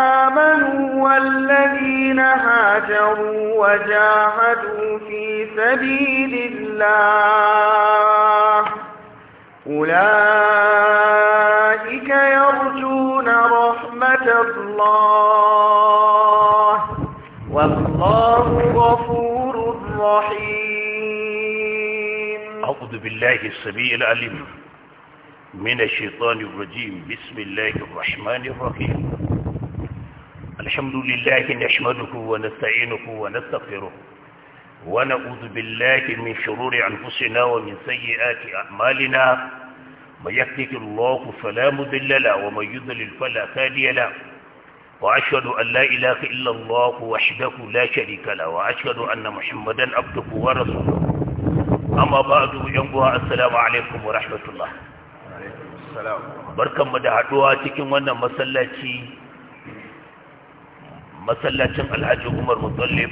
آمنوا والذين هاجروا وجاهدوا في سبيل الله أولئك يرجون رحمة الله والله غفور رحيم أعوذ بالله السميع العليم من الشيطان الرجيم بسم الله الرحمن الرحيم الحمد لله نحمده ونستعينه ونستغفره ونعوذ بالله من شرور أنفسنا ومن سيئات أعمالنا من يهده الله فلا مضل له ومن يضلل فلا هادي له وأشهد أن لا إله إلا الله وحده لا شريك له وأشهد أن محمدا عبده ورسوله أما بعد ينبوها السلام عليكم ورحمة الله السلام barkan mu da haduwa cikin wannan masallaci masallacin alhaji umar mutallif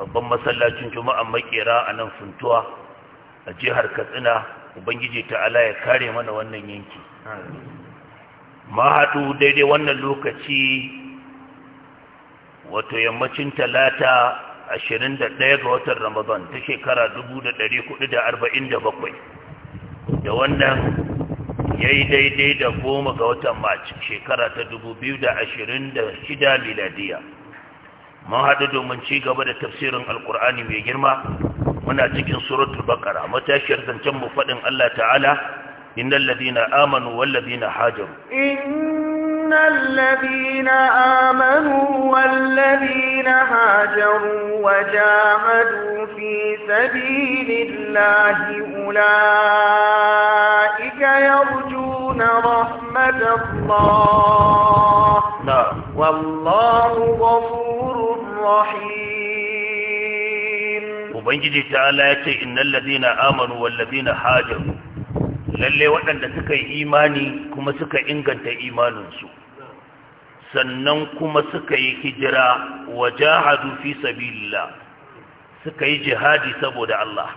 babban masallacin juma'a makera a nan funtuwa a jihar katsina ubangiji ta'ala ya kare mana wannan yanki mahaɗu daidai wannan lokaci wato yammacin talata 21 ga watan ramadan ta shekara 1447 da wannan ya yi daidai da goma ga watan maci shekara ta dubu biyu da da shida miladiya mun haɗu domin ci gaba da tafsirin alkur'ani mai girma muna cikin suratul bakara matashiyar zancen mu faɗin allah ta'ala innal ladina amanu wal ladina hajaru إن الذين آمنوا والذين هاجروا وجاهدوا في سبيل الله أولئك يرجون رحمة الله نعم والله غفور رحيم وبنجد تعالى إن الذين آمنوا والذين هاجروا lalle waɗanda suka yi imani kuma suka inganta imaninsu sannan kuma suka yi hijira wa jahadu fi sabilillah suka yi jihadi saboda Allah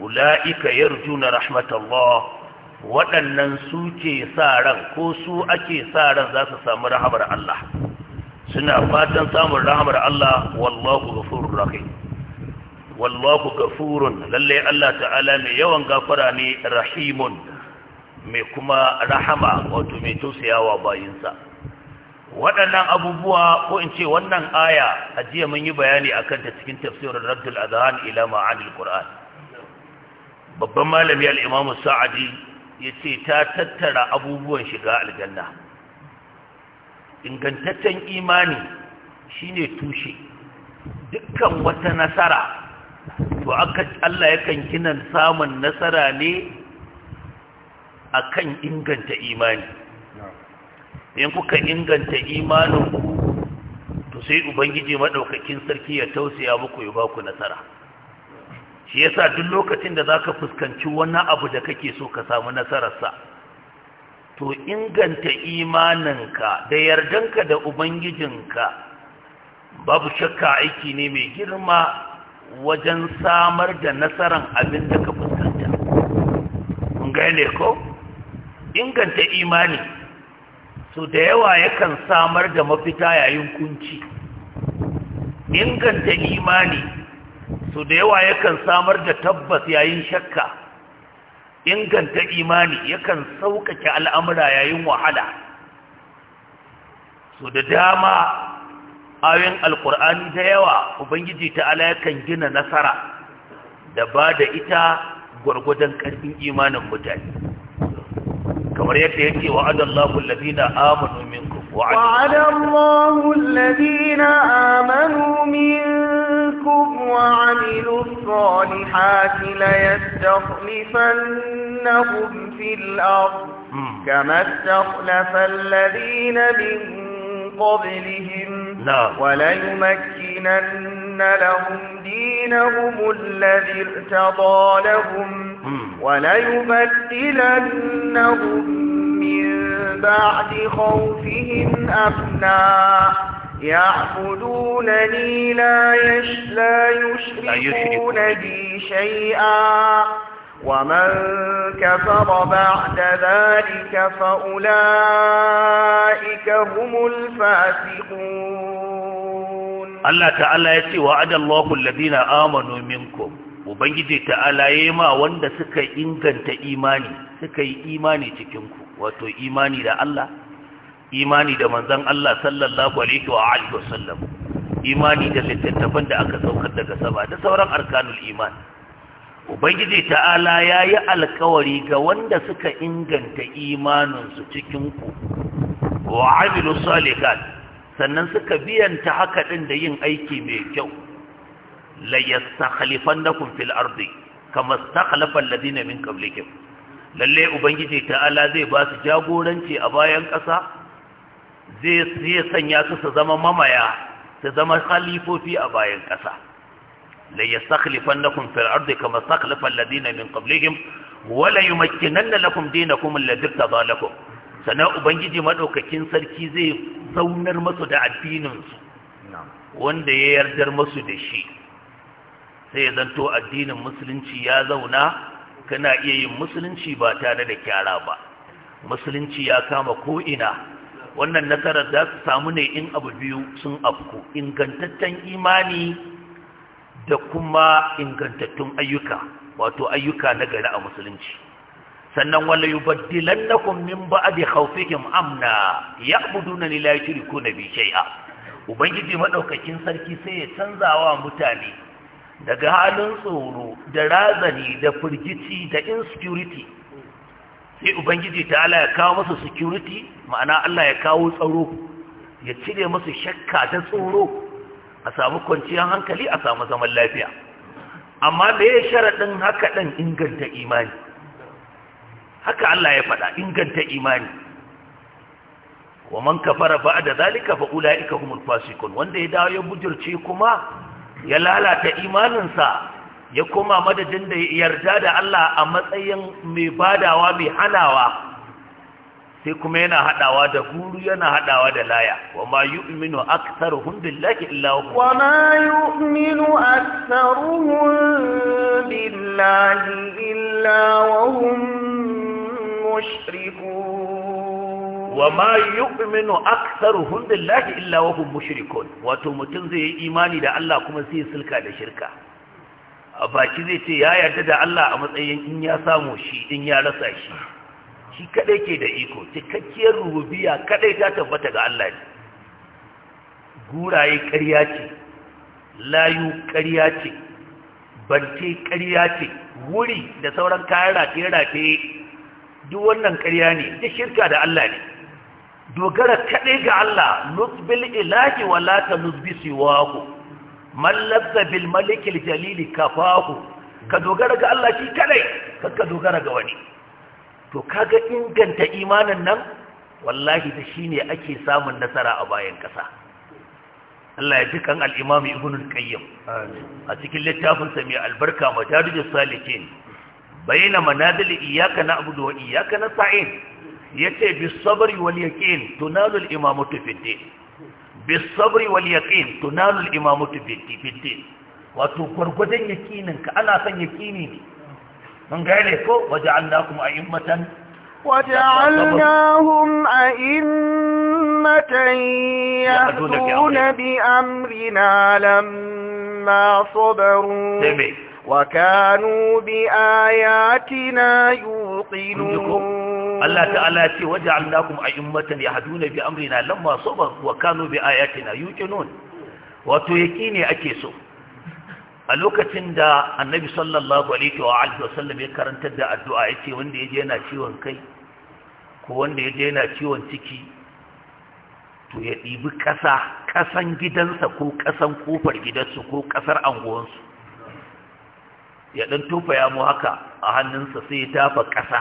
ula'ika yarjuna rahmatallah waɗannan su ke sa ran ko su ake sa ran za su samu rahamar Allah suna fatan samun rahamar Allah wallahu ghafurur rahim wallahu gafurun lalle Allah ta'ala mai yawan gafara ne rahimun mai kuma rahama wato mai tausayawa bayinsa waɗannan abubuwa ko in ce wannan aya a jiya mun yi bayani a kanta cikin tafsirin Raddul azhan ila ma'anil Qur'an babban malami al-Imam Sa'adi yace ta tattara abubuwan shiga aljanna ingantaccen imani shine tushe dukkan wata nasara to aka Allah yakan kinan samun nasara ne akan inganta imani in kuka inganta imanin to sai ubangiji maɗaukakin sarki ya tausaya muku ya baku nasara shi yasa duk lokacin da zaka fuskanci wani abu da kake so ka samu nasararsa to inganta imaninka da yardanka da ubangijinka babu shakka aiki ne mai girma wajen samar da nasaran abin da ka fuskanta gane ko inganta imani su da yawa yakan samar da mafita yayin kunci inganta imani su da yawa yakan samar da tabbas yayin shakka inganta imani yakan sauƙaƙe al'amura yayin wahala su da dama ayoyin alkur'ani da yawa ubangiji ta'ala yakan gina nasara da ba da ita gwargwadon karfin imanin mutane kamar yadda yake wa'adallahu alladhina amanu minkum wa'adallahu alladhina amanu minkum wa 'amilus salihati la na fil ard hmm. kama istakhlafa alladhina min قبلهم نعم وليمكنن لهم دينهم الذي ارتضى لهم وليبدلنهم من بعد خوفهم أمنا يعبدونني لا, لا يشركون بي شيئا ومن كفر بعد ذلك فأولئك هم الفاسقون الله تعالى يتي وعد الله الذين آمنوا منكم Ubangiji ta'ala ya ma wanda suka inganta imani suka yi imani cikinku wato imani da Allah imani da manzan Allah sallallahu alaihi wa alihi wasallam imani da littattafan da aka saukar daga sama da sauran arkanul iman ubangiji ta'ala ya yi alkawari ga wanda suka inganta imaninsu cikinku wa amilu salihat sannan suka biyan ta haka ɗin da yin aiki mai kyau la yastakhlifannakum fil ardi kama stakhlafa ladina min qablikum lalle ubangiji ta'ala zai ba su jagoranci a bayan ƙasa zai sanya su su zama mamaya su zama khalifofi a bayan ƙasa la yastakhlifannakum fil ardi kama stakhlafa alladhina min qablihim wa la yumakkinanna lakum dinakum alladhi irtada lakum sana ubangiji madaukakin sarki zai zaunar masu da addinin su wanda ya yardar masu da shi sai zanto addinin musulunci ya zauna kana iya yin musulunci ba tare da kyara ba musulunci ya kama ko'ina wannan nasarar za su samu ne in abu biyu sun afku ingantaccen imani da kuma ingantattun ayyuka wato ayyuka na gari a musulunci sannan wala yubaddilannakum min ba'di khawfihim amna ya'buduna la na bi shay'a ubangiji madaukakin sarki sai ya canzawa mutane daga halin tsoro da razani da firgici da insecurity sai ubangiji ta ya kawo musu security ma'ana Allah ya kawo tsaro ya cire musu shakka da tsoro a samu kwanciyar hankali a samu zaman lafiya amma da ya sharaɗin haka ɗan inganta imani haka Allah ya faɗa inganta imani wa man kafara ba da zalika fa ula'ika humul fasikun wanda ya dawo ya bujurce kuma ya lalata imaninsa ya koma madadin da ya yarda da Allah a matsayin mai badawa mai hanawa sai kuma yana hadawa da guru yana hadawa da laya wa ma yu'minu aktharuhum billahi illa wa ma yu'minu aktharuhum billahi illa wa hum mushrikun wa ma yu'minu aktharuhum billahi illa wa hum mushrikun wato mutum zai yi imani da Allah kuma sai ya sulka da shirka a baki zai ce ya yarda da Allah a matsayin in ya samu shi in ya rasa shi shi kaɗai ke da iko cikakkiyar rububiya kaɗai ta tabbata ga Allah ne guraye ƙarya ce layu ƙarya ce bante ƙarya ce wuri da sauran kayan rataye-rataye duk wannan ƙarya ne duk shirka da Allah ne dogara kaɗai ga Allah nusbil ilahi wala ta nusbi siwahu man bil malikil jalili kafahu ka dogara ga Allah shi kaɗai ka dogara ga wani to kaga inganta imanin nan wallahi da shine ake samun nasara a bayan kasa. Allah ya jikan al-Imam Ibn al-Qayyim a cikin littafin sa mai albarka Madarijus Salikin bayna manazil iyyaka na'budu wa iyyaka nasta'in yace bis sabri wal yaqin tunalu al-imamatu fid din bis sabri wal yaqin tunalu al-imamatu fid din wato gurgudan yakinin ka ana son yakini ne mun gane ko waje annakum a'immatan وجعلناهم أئمة يهدون بأمرنا لما صبروا وكانوا بآياتنا يوقنون Allah ta'ala ce bi amrina lamma sabar wa bi wato ake so a lokacin da annabi sallallahu alaihi wa alihi wasallam ya karantar da addu'a yace wanda yaje yana ciwon kai ko wanda yaje yana ciwon ciki to ya ɗibi kasa ƙasan gidansa ko ƙasan kofar gidansa, ko kasar anguwansu ya ɗan tofa ya mu haka a hannunsa sai ya dafa ƙasa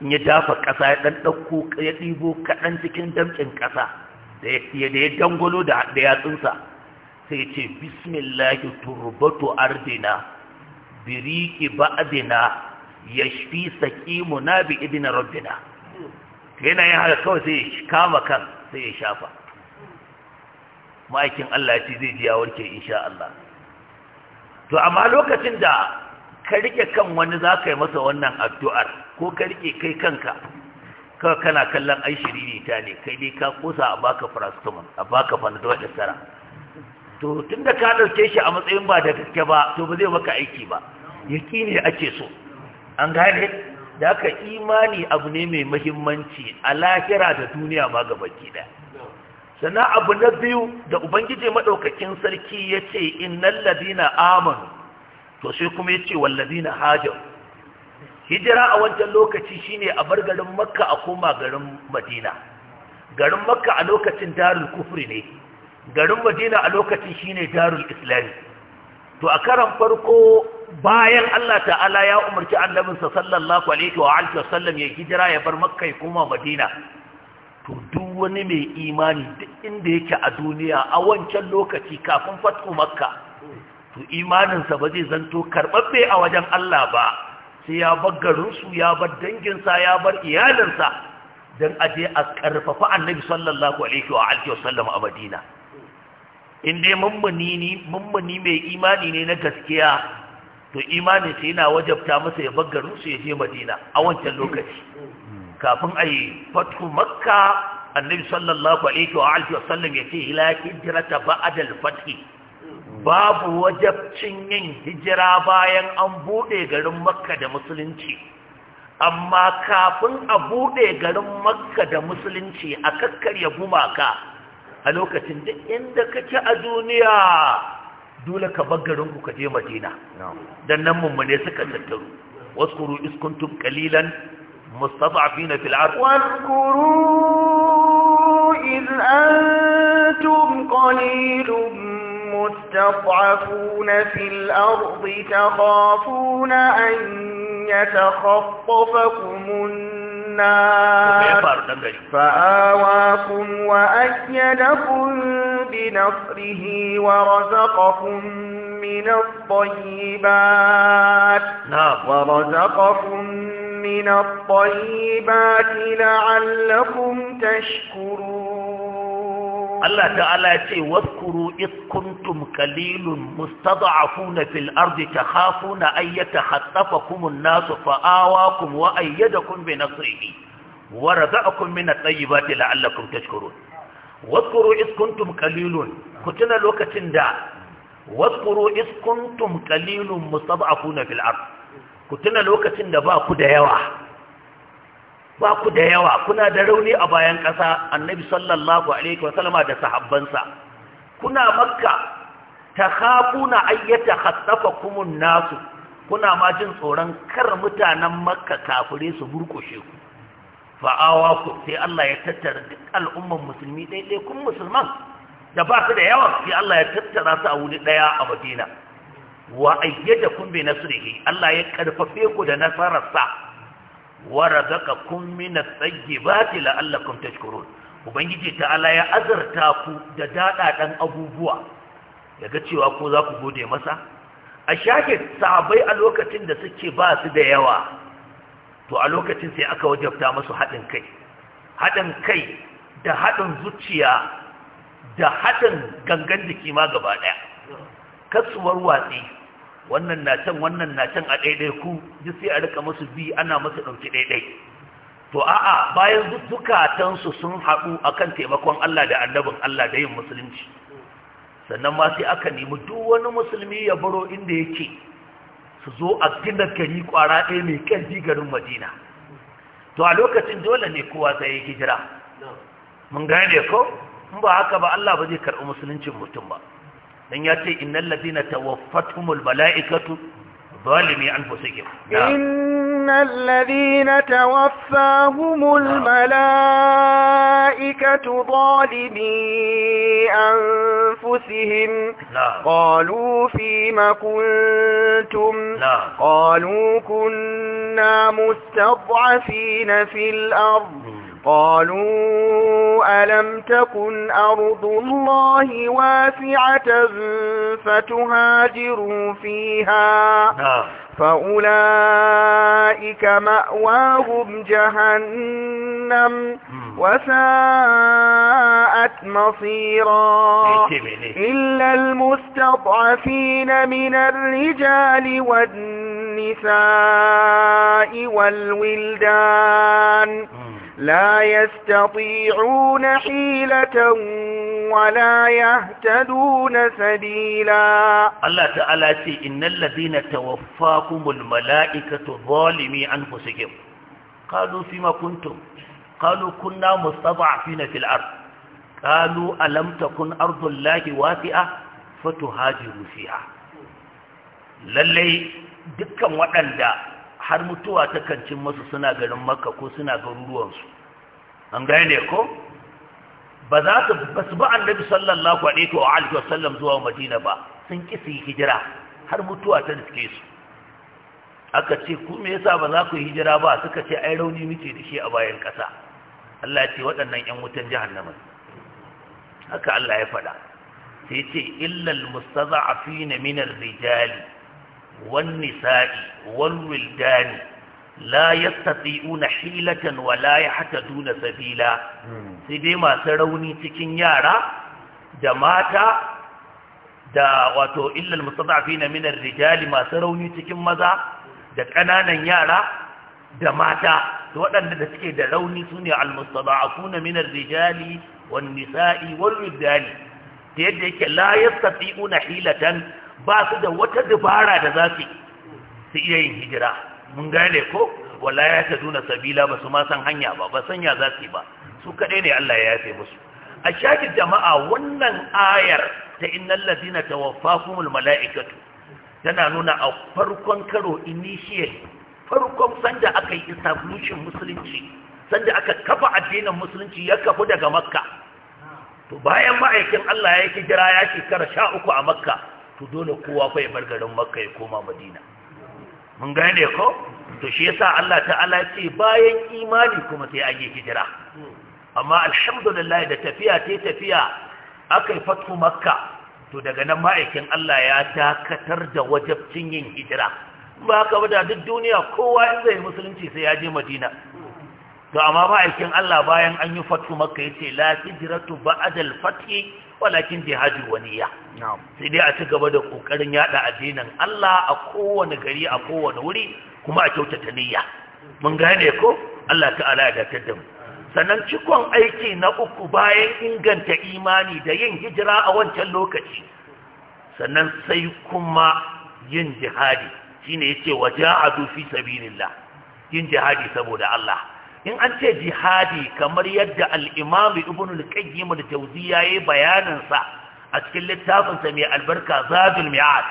in ya dafa kasa ya dan dauko ya ɗibo kaɗan cikin damƙin ƙasa da ya dangwalo da yatsunsa sai ce "Bismillah, turbatu ardina biriki ba'dina yashfi saqimuna bi idina, rabbina yana yin haka kawai sai kama kan sai ya shafa ma'aikin Allah ya ce zai ji ya warke insha Allah to amma lokacin da ka rike kan wani za ka yi masa wannan addu'ar ko ka rike kai kanka kawai kana kallon ai shiriri ta ne kai dai ka kusa a baka paracetamol a baka panadol da sara to tun da ka ɗauke shi a matsayin ba da gaske ba to ba zai maka aiki ba yaki ne ake so an gane da aka imani abu ne mai mahimmanci a lahira da duniya ma ga baki da sannan abu na biyu da ubangiji maɗaukakin sarki ya ce innan ladina amanu to sai kuma ya ce walladina hajar hijira a wancan lokaci shine a bar garin makka a koma garin madina garin makka a lokacin darul kufri ne garin madina a lokacin shine darul islami to a karan farko bayan Allah ta'ala ya umarci annabinsa sallallahu alaihi wa alihi wasallam ya hijira ya bar makka ya koma madina to duk wani mai imani duk inda yake a duniya a wancan lokaci kafin fatu makka to imaninsa ba zai zanto karɓaɓɓe a wajen Allah ba sai ya bar garinsu ya bar danginsa ya bar iyalinsa don aje a karfafa annabi sallallahu alaihi wa alihi wasallam a madina in dai mummuni mai imani ne na gaskiya to imanin sai yana wajabta masa ya garin su ya je madina a wancan lokaci kafin a yi fatu makka annabi sallallahu alaihi wa alihi wa sallam ya ce ila hijrata ba'dal fathi babu wajabcin yin hijira bayan an bude garin makka da musulunci amma kafin a bude garin makka da musulunci a kakkarya gumaka a lokacin duk inda kake a duniya dole ka bagarin ku ka je madina dan nan mummune suka tattaru waskuru iskuntum qalilan mustad'afina fil ard waskuru iz antum qalilun مستضعفون في الأرض تخافون أن يتخطفكم الناس النار فآواكم وأيدكم بنصره ورزقكم من الطيبات نعم. ورزقكم من الطيبات لعلكم تشكرون Allah ta'ala ya ce waskuru iskuntum kalilun mustada'afuna fil ardi takhafuna ay yatakhassafakum an-nasu fa'awakum wa ayyadakum bi nasrihi wa razaqakum min at-tayyibati la'allakum tashkurun waskuru iskuntum kalilun ku lokacin da waskuru iskuntum kalilun mustada'afuna fil ardi ku tuna lokacin da ba ku da yawa ba ku da yawa kuna da rauni a bayan ƙasa annabi sallallahu alaihi wasallama da sahabbansa kuna makka ta hafuna ayyata hattafa kumun nasu kuna ma jin tsoron kar mutanen makka kafire su burkushe ku fa'awa ku sai Allah ya tattara duk al'umman musulmi dai kun musulman da ba su da yawa sai Allah ya tattara su a wuri ɗaya a madina wa ayyata kun bi nasrihi Allah ya karfafe ku da nasararsa warazaqakum min at-tayyibati la'allakum tashkurun ubangiji Ala ya azarta ku da daɗaɗen abubuwa yaga cewa ko za ku gode masa a shake sahabbai a lokacin da suke ba su da yawa to a lokacin sai aka wajabta musu haɗin kai haɗin kai da haɗin zuciya da haɗin gangan jiki ma gaba ɗaya kasuwar watsi wannan na can wannan na can a daidai ku Jisai sai a rika musu bi ana musu ɗauki ɗaiɗai to a'a bayan su sun haɗu akan taimakon Allah da annabin Allah da yin musulunci sannan ma sai aka nemi duk wani musulmi ya baro inda yake su zo a gina gari kwara ɗaya mai ƙarfi garin madina to a lokacin dole ne kowa sai ya hijira mun gane ko in ba haka ba Allah ba zai karɓi musuluncin mutum ba dan ya ce innal ladina tawaffathumul malaikatu zalimi anfusihim innal ladina tawaffahumul malaikatu zalimi anfusihim qalu fima kuntum qalu kunna mustad'afina fil ardh قالوا ألم تكن أرض الله واسعة فتهاجروا فيها نعم. فأولئك مأواهم جهنم وساءت مصيرا إلا المستضعفين من الرجال والنساء والولدان لا يستطيعون حيلة ولا يهتدون سبيلا الله تعالى إن الذين توفاكم الملائكة ظالمي أنفسهم قالوا فيما كنتم قالوا كنا مستضعفين في الأرض قالوا ألم تكن أرض الله واسعة فتهاجروا فيها للي دكا وأندا har mutuwa ta kancin masu suna garin maka, ko suna garuruwansu an ne, ko ba za su ba su ba annabi sallallahu alaihi wa alihi wa sallam zuwa madina ba sun ki su yi hijira har mutuwa ta riske su aka ce ku me yasa ba za ku yi hijira ba suka ce ai rauni muke da shi a bayan kasa Allah ya ce waɗannan ƴan wutan jahannama haka Allah ya faɗa sai ce illal mustaza'afina minar rijali والنساء والولدان لا يستطيعون حيلة ولا يحتدون سبيلا سيدي ما سروني تكين يارا دماتا دا واتو إلا المستضعفين من الرجال ما سروني تكين مزا دا كنانا يارا دماتا وانا نتكي دا روني سني على المستضعفون من الرجال والنساء والولدان تيدي لا يستطيعون حيلة ba su da wata dubara da za su su iya yin hijira mun gane ko wala ya ta duna sabila ba su ma san hanya ba ba sanya za su yi ba su kaɗai ne Allah ya yafe musu a shakin jama'a wannan ayar ta innal ladina tawaffakumul mala'ikatu tana nuna a farkon karo initiate farkon sanda aka yi establishing musulunci sanda aka kafa addinin musulunci ya kafu daga makka to bayan ma'aikin Allah ya yi hijira ya shekara sha uku a makka to dole kowa fa ya bar garin makka ya koma madina mun gane ko to shi yasa Allah ta'ala ce bayan imani kuma sai an yi hijira amma alhamdulillah da tafiya ta tafiya akai yi fatu makka to daga nan ma'aikin Allah ya dakatar da wajabcin yin hijira ba haka ba duk duniya kowa in zai musulunci sai ya je madina to amma ma'aikin Allah bayan an yi fatu makka ya la hijiratu ba'dal fati walakin jihadi waniya sai dai a ci gaba da kokarin yada addinin Allah a kowane gari a kowane wuri kuma a kyautata niyya mun gane ko Allah ta'ala ya dace da mu sannan cikon aiki na uku bayan inganta imani da yin hijira a wancan lokaci sannan sai kuma yin jihadi shine yace waja'adu fi sabilillah yin jihadi saboda Allah in an ce jihadi kamar yadda al'imami ibn al-qayyim al ya yi bayaninsa a cikin littafinsa mai albarka zadul mi'ad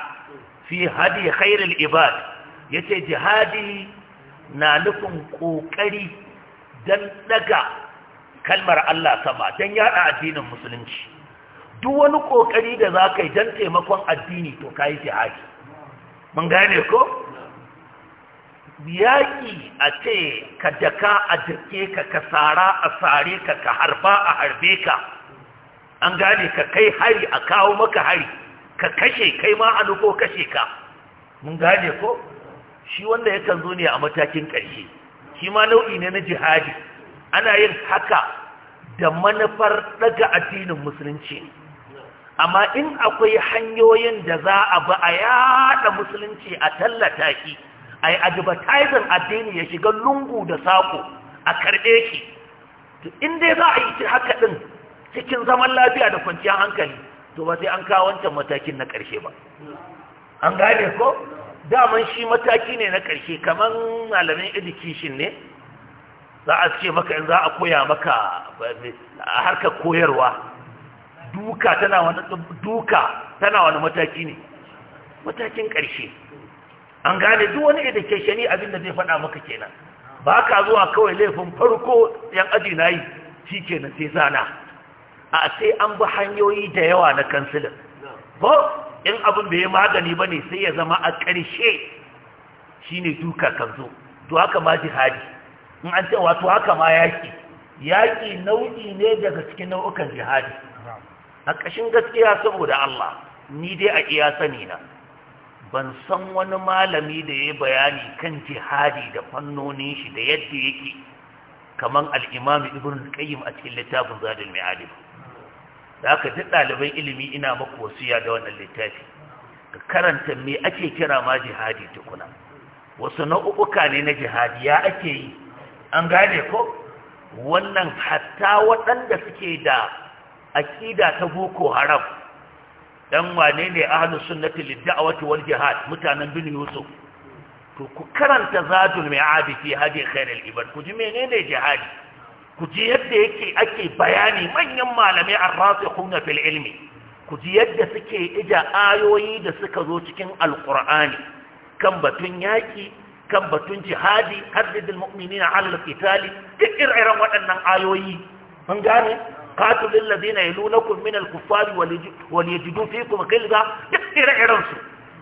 fi hadi khairul ibad ya ce jihadi na nufin ƙoƙari don daga kalmar Allah sama don yada addinin musulunci duk wani ƙoƙari da za ka yi don taimakon addini to ka jihadi mun gane ko yaƙi a ce ka daka a jirke ka ka sara a sare ka ka harba a harbe ka an gane ka kai hari a kawo maka hari ka kashe kai ma a nufo kashe ka mun gane ko shi wanda yakan zo ne a matakin ƙarshe shi ma nau'i ne na jihadi ana yin haka da manufar daga addinin musulunci amma in akwai hanyoyin da za a ba a yada musulunci a tallata shi a yi advertising addini ya shiga lungu da sako a karɓe ki in dai za a yi haka ɗin cikin zaman lafiya da kwanciyar hankali to ba sai an kawo wancan matakin na ƙarshe ba an gane ko daman shi mataki ne na ƙarshe kamar malamin education ne za a ce maka in za a koya maka a harkar koyarwa duka tana duka tana wani mataki ne matakin ƙarshe an gane duk wani ke shani abin da zai faɗa maka kenan ba ka zuwa kawai laifin farko yan aji na yi shi kenan sai zana a sai an bi hanyoyi da yawa na kansilin ba in abin da ya magani ba ne sai ya zama a ƙarshe shi ne duka kan zo to haka ma jihadi in an cewa to haka ma yaƙi yaƙi nau'i ne daga cikin nau'ukan jihadi a ƙashin gaskiya saboda Allah ni dai a iya sani na ban san wani malami da ya bayani kan jihadi da fannonin shi da yadda yake kamar Al'imami ibn qayyim a cikin littafin zadul mi'alim da aka duk ɗaliban ilimi ina maku wasiya da wannan littafi ka karanta me ake kira ma jihadi tukuna wasu nau'uka ne na jihadi ya ake yi an gane ko wannan hatta waɗanda suke da aƙida ta boko haram dan wane ne ahlus sunnati lid wata wani jihad mutanen bin yusuf to ku karanta zadul mi'ad fi hadi khairil ibad ku ji menene jihadi ku ji yadda yake ake bayani manyan malamai ar-rasikhuna fil ilmi ku ji yadda suke ija ayoyi da suka zo cikin alqur'ani kan batun yaki kan batun jihadi haddidul mu'minina 'ala al-qitali duk irin waɗannan ayoyi mun gane qatilul ladina yalunakum kufari al-kuffari wal yajidu fikum ghilza duk ire-iren su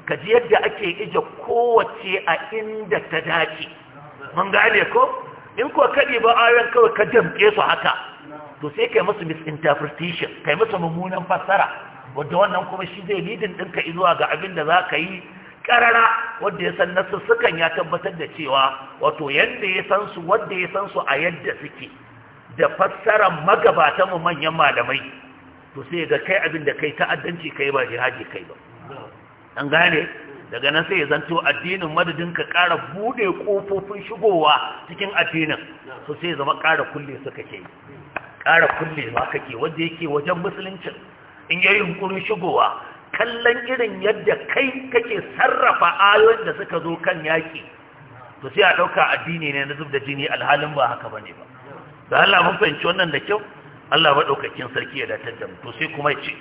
kaji yadda ake ije kowace a inda ta dace mun gane ko in ko kadi ba ayoyin kawai ka jamke su haka to sai kai musu misinterpretation kai musu mummunan fassara Wadda wannan kuma shi zai lidin ɗinka zuwa ga abin da za ka yi karara Wadda ya san nasu sukan ya tabbatar da cewa wato yadda ya san su wanda ya san su a yadda suke da fassarar magabatan mu manyan malamai to sai ga kai abin da kai ta'addanci kai ba jihadi kai ba an gane daga nan sai ya zanto addinin madadin ka ƙara bude kofofin shigowa cikin addinin to sai zama ƙara kulle suka ke ƙara kulle ma kake wanda yake wajen musuluncin in yayi hunkurin shigowa kallon irin yadda kai kake sarrafa ayoyin da suka zo kan yaƙi to sai a ɗauka addini ne na zub da jini alhalin ba haka bane ba da Allah mun fahimci wannan da kyau Allah maɗaukakin sarki ya datar da mu to sai kuma ya ce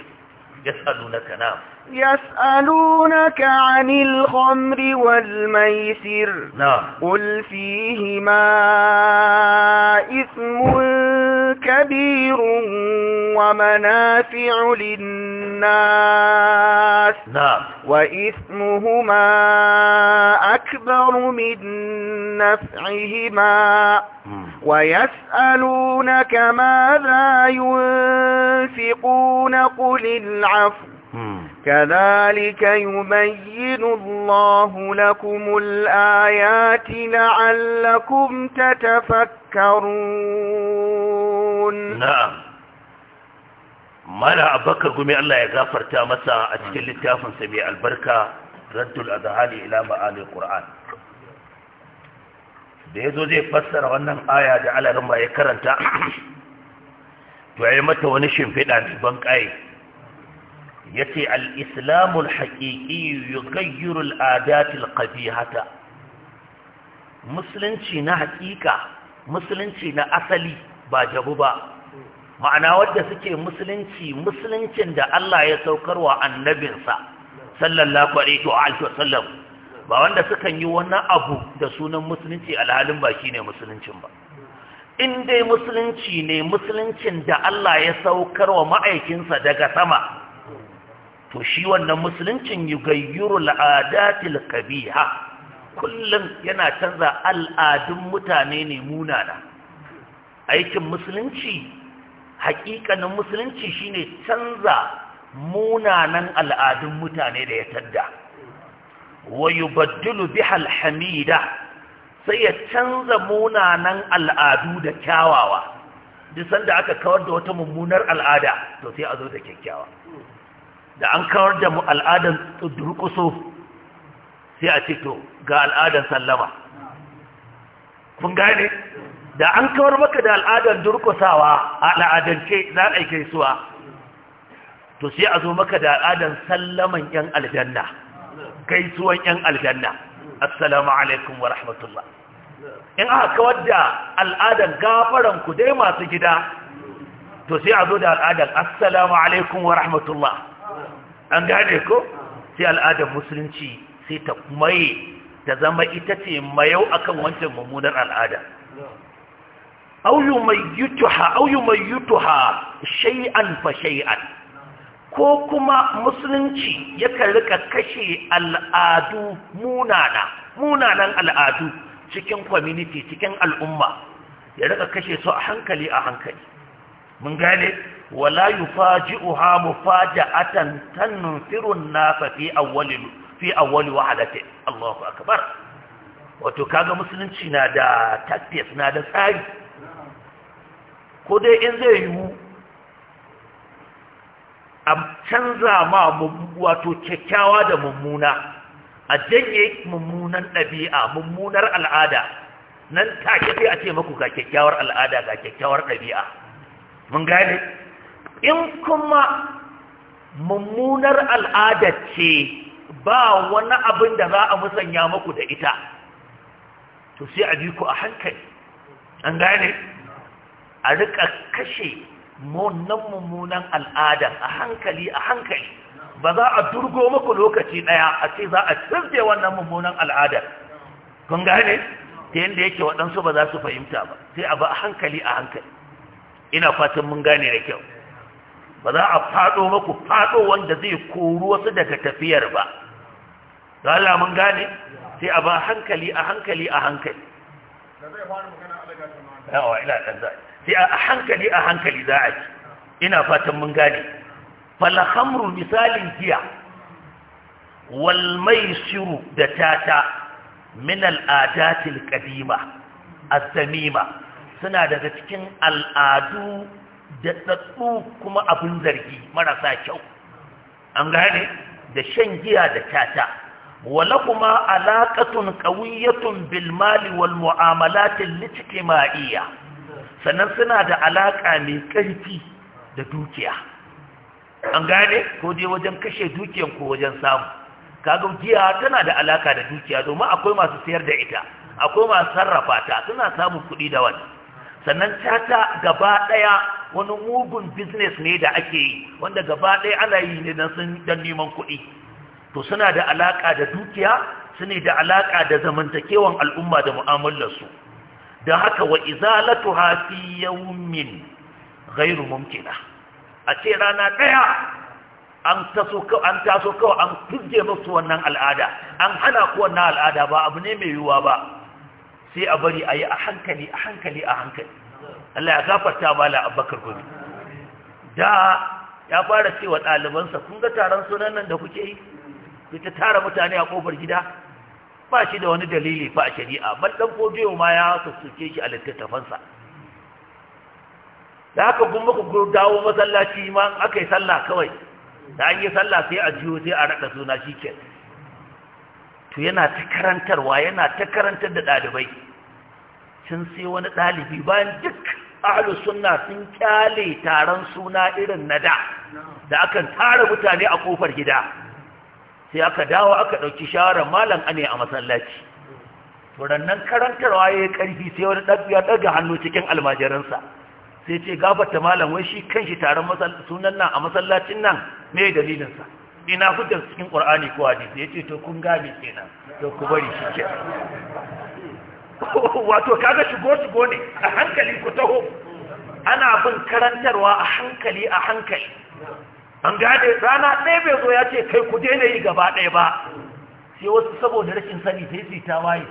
يسألونك نعم يسألونك عن الخمر والميسر qul fihi ma إثم كبير ومنافع للناس نعم وإثمهما أكبر من نفعهما مم. ويسألونك ماذا ينفقون قل العفو كذلك يبين الله لكم الآيات لعلكم تتفكرون نعم مالا أبكر قمي الله يغفر تامسا أتكلم تافن سبيع البركة رد الأذهان إلى معاني القرآن da ya zo zai fassara wannan aya da alarin ya karanta to ya yi mata wani shimfiɗa mai ban ƙaye ya ce al'islamun haƙiƙi yugayyar al'adatil ƙabihata musulunci na haƙiƙa musulunci na asali ba jabu ba ma'ana wadda suke musulunci musuluncin da Allah ya saukarwa annabinsa sallallahu alaihi wa sallam ba wanda sukan yi wani abu da sunan musulunci alhalin ba shi ne musuluncin ba in dai musulunci ne musuluncin da Allah ya saukar wa ma'aikinsa daga sama to shi wannan musuluncin yi yugayyuru al'adatil kabiha kullum yana canza al'adun mutane ne munana aikin musulunci hakikanin musulunci shine canza munanan al'adun mutane da ya tadda wa yubaddilu biha alhamida sai ya canza munanan al'adu da kyawawa duk sanda aka kawar da wata mummunar al'ada to sai a zo da kyakkyawa da an kawar da al'adan durkuso sai a ce to ga al'adan sallama kun gane da an kawar maka da al'adan durkusawa a al'adance za a yi suwa to sai a zo maka da al'adan sallaman yan aljanna gaisuwan yan aljanna assalamu alaikum wa rahmatullah in aka kawar da al'adar gafaran ku dai masu gida to sai a zo da al'adar assalamu alaikum wa rahmatullah an gane ko sai al'adar musulunci sai ta maye ta zama ita ce mayau akan wancan mummunar al'ada auyu mai yutuha auyu mai fa shai'an. ko kuma musulunci yakan rika kashe al'adu munana munanan al'adu cikin community cikin al'umma ya rika kashe su a hankali a hankali mun gane wala yufaji'uha mufaja'atan tanfiru an fi awwali fi awwali wahdatin Allahu akbar wato kaga musulunci na da tactics na da tsari ko dai in zai yiwu a canza ma wato kyakkyawa da mummuna a janye mummunan ɗabi'a mummunar al'ada nan ta sai a ce maku ga kyakkyawar al'ada ga kyakkyawar ɗabi'a mun gane in kuma mummunar al'ada ce ba wani abin da za a musanya maku da ita to sai a ku a hankali an gane a rika kashe wannan mummunan al'adar a hankali a hankali ba za a durgo muku lokaci ɗaya a ce za a cirje wannan mummunan al'adar kun gane ta yadda yake waɗansu ba za su fahimta ba sai a ba a hankali a hankali ina fatan mun gane da kyau ba za a fado muku fado wanda zai koru wasu daga tafiyar ba za mun gane sai a ba hankali a hankali a hankali da zai magana yawa ina sai a hankali a hankali za a ci ina fatan mun gane Falahamru misalin giya Walmai-shiru da tata min al adatil qadima az-zamima suna daga cikin al'adu da tsatsu kuma abin zargi marasa kyau an gane da shan giya da tata ولكما علاقة قوية بالمال والمعاملات maiya sannan suna da alaƙa mai ƙarfi da dukiya an gane ko dai wajen kashe dukiyan ko wajen samu kaga jiya tana da alaƙa da dukiya domin akwai masu sayar da ita akwai masu sarrafa ta suna samun kuɗi da wani sannan cata gaba ɗaya wani mugun business ne da ake yi wanda gaba ɗaya ana yi ne don neman kuɗi to suna da alaka da dukiya Sune da alaka da zamantakewan al'umma da mu'amalarsu Da haka wa izalatu hafi yawmin ghairu mumkina a ce rana daya an taso an taso kawai an tuje musu wannan al'ada an hana ku wannan al'ada ba abu ne mai yiwuwa ba sai a bari a yi a hankali a hankali a hankali Allah ya gafarta mala abubakar gobe da ya fara cewa ɗalibansa kun ga taron sunan nan da kuke yi ya ta tara mutane a kofar gida ba shi da wani dalili fa a shari'a ban dan fodiyo ma ya sassuke shi a littattafansa da haka kun muku dawo masallaci ma aka yi sallah kawai da an yi sallah sai a jiyo sai a raɗa suna shi ke to yana ta karantarwa yana ta karantar da ɗalibai sun sai wani ɗalibi bayan duk ahalu sunna sun kyale taron suna irin na da da akan tara mutane a kofar gida sai aka dawo aka ɗauki shawarar malam ane a masallaci turannan karantarwa ya yi ƙarfi sai wani ya ɗaga hannu cikin almajiransa sai ce gabata malam wai shi kan shi taron sunan nan a masallacin nan me dalilinsa ina hujjar cikin Ƙur'ani ko hadisi yace to kun gami kenan to ku bari shi ke wato kaga shigo shigo ne a hankali ku taho ana bin karantarwa a hankali a hankali an gane rana ɗaya bai zo ya ce kai ku daina yi gaba ɗaya ba sai wasu saboda rashin sani ta yi ta waye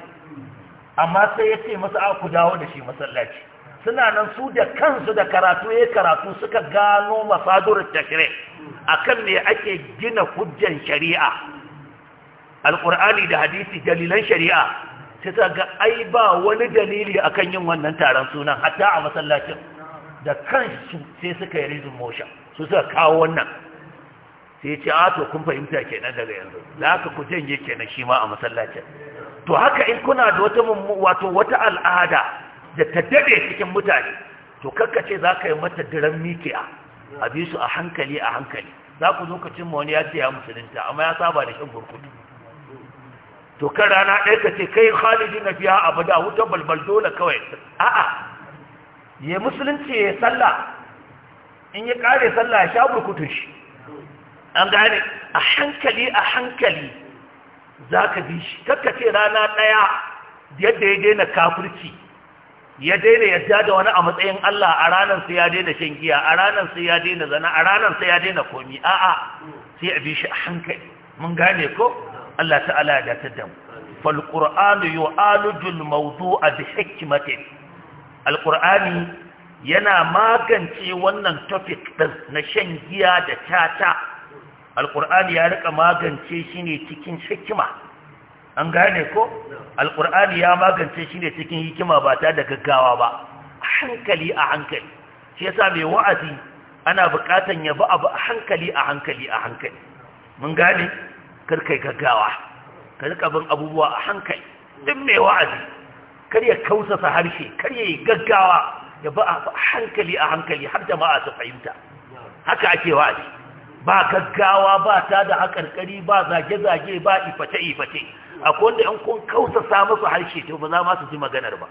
amma sai ya ce masa a ku dawo da shi masallaci suna nan su da kansu da karatu ya karatu suka gano mafadur tashri akan ne ake gina hujjan shari'a alqur'ani da hadisi dalilan shari'a sai ta ga ai ba wani dalili akan yin wannan taron sunan hatta a masallacin da kansu sai suka yi rizin motion su suka kawo wannan sai ce a to kun fahimta kenan daga yanzu da haka ku janye kenan shi ma a masallacin to haka in kuna da wata wato wata al'ada da ta dade cikin mutane to ce za ka yi mata diran mikiya a bi su a hankali a hankali za ku zo ka cimma wani ya ce ya musulunta amma ya saba da shan gurkudu to kan rana ɗaya ka ce kai khalidi na biya abu da wuta balbal dole kawai a'a ya musulunci ya sallah in ya kare sallah ya sha burkutun shi an gane a hankali a hankali za ka bi shi ce rana ɗaya yadda ya daina kafirci ya daina yadda da wani a matsayin Allah a ranar sai ya daina shan giya a ranar sai ya daina zana a ranar sai ya daina komi a'a sai a bi shi a hankali mun gane ko Allah ta'ala ya dace da mu fal qur'anu yu'aluju al mawdu'a bi hikmatin al qur'ani yana magance wannan topic din na shan giya da tata alqur'ani ya rika magance shi ne cikin hikima an gane ko alqur'ani ya magance shi ne cikin hikima ba ta da gaggawa ba hankali a hankali shi yasa mai wa'azi ana buƙatan ya bi abu a hankali a hankali a hankali mun gane karkai gaggawa ka rika bin abubuwa a hankali duk mai wa'azi kar ya kausasa harshe kar ya yi gaggawa ya ba a hankali a hankali har jama'a su fahimta haka ake wa'azi ba gaggawa ba ta da haƙarƙari ba zage-zage ba ifate-ifate akwai wanda yan kun samu su harshe to ba za ma su ji maganar ba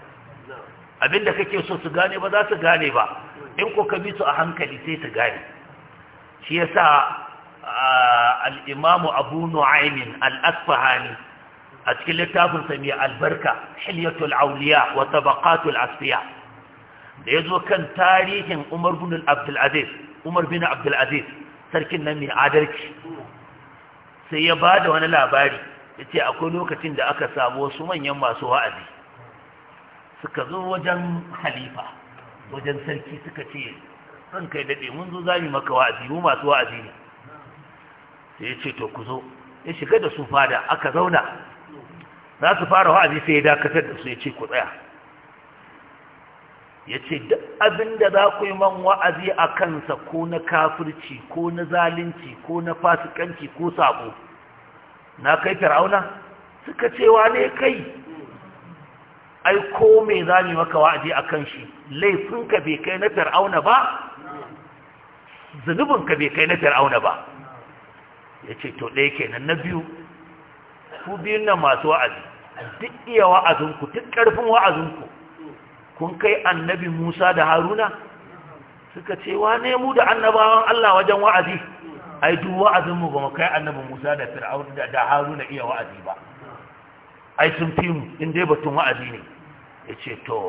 abinda kake so su gane ba za su gane ba in ko ka bi su a hankali sai su gane shi al-imamu abu Nu'aimin al-asfahani a cikin littafin sami albarka hilyatul auliya wa tabaqatul asfiya da yazo kan tarihin umar bin umar bin abdul aziz sarkin nan mai adalci sai ya ba da wani labari ya ce akwai lokacin da aka samu wasu manyan masu wa'azi suka zo wajen halifa wajen sarki suka ce ran kai daɗe mun zo za mu maka wa'azi mu masu wa'azi ne sai ya ce to ku zo ya shiga da su fada aka zauna za su fara wa'azi sai ya dakatar da su ya ce ku tsaya ya ce duk abinda za ku yi man wa'azi a kansa ko na kafirci ko na zalunci ko na fasikanci ko sabo na kai fir'auna suka cewa ne kai ai ko me za mu maka wa'azi a kan shi laifinka bai kai na fir'auna ba zunubinka bai kai na fir'auna ba ya ce to ɗaya kenan na biyu ku biyun nan masu wa'azi duk iya wa'azinku duk ƙarfin wa'azinku kun kai annabi Musa da Haruna suka ce wa ne mu da annabawan Allah wajen wa'azi ai duk wa'azin mu bamu kai annabi Musa da Fir'aun da, Haruna iya wa'azi ba ai sun fi mu in dai batun wa'azi ne yace to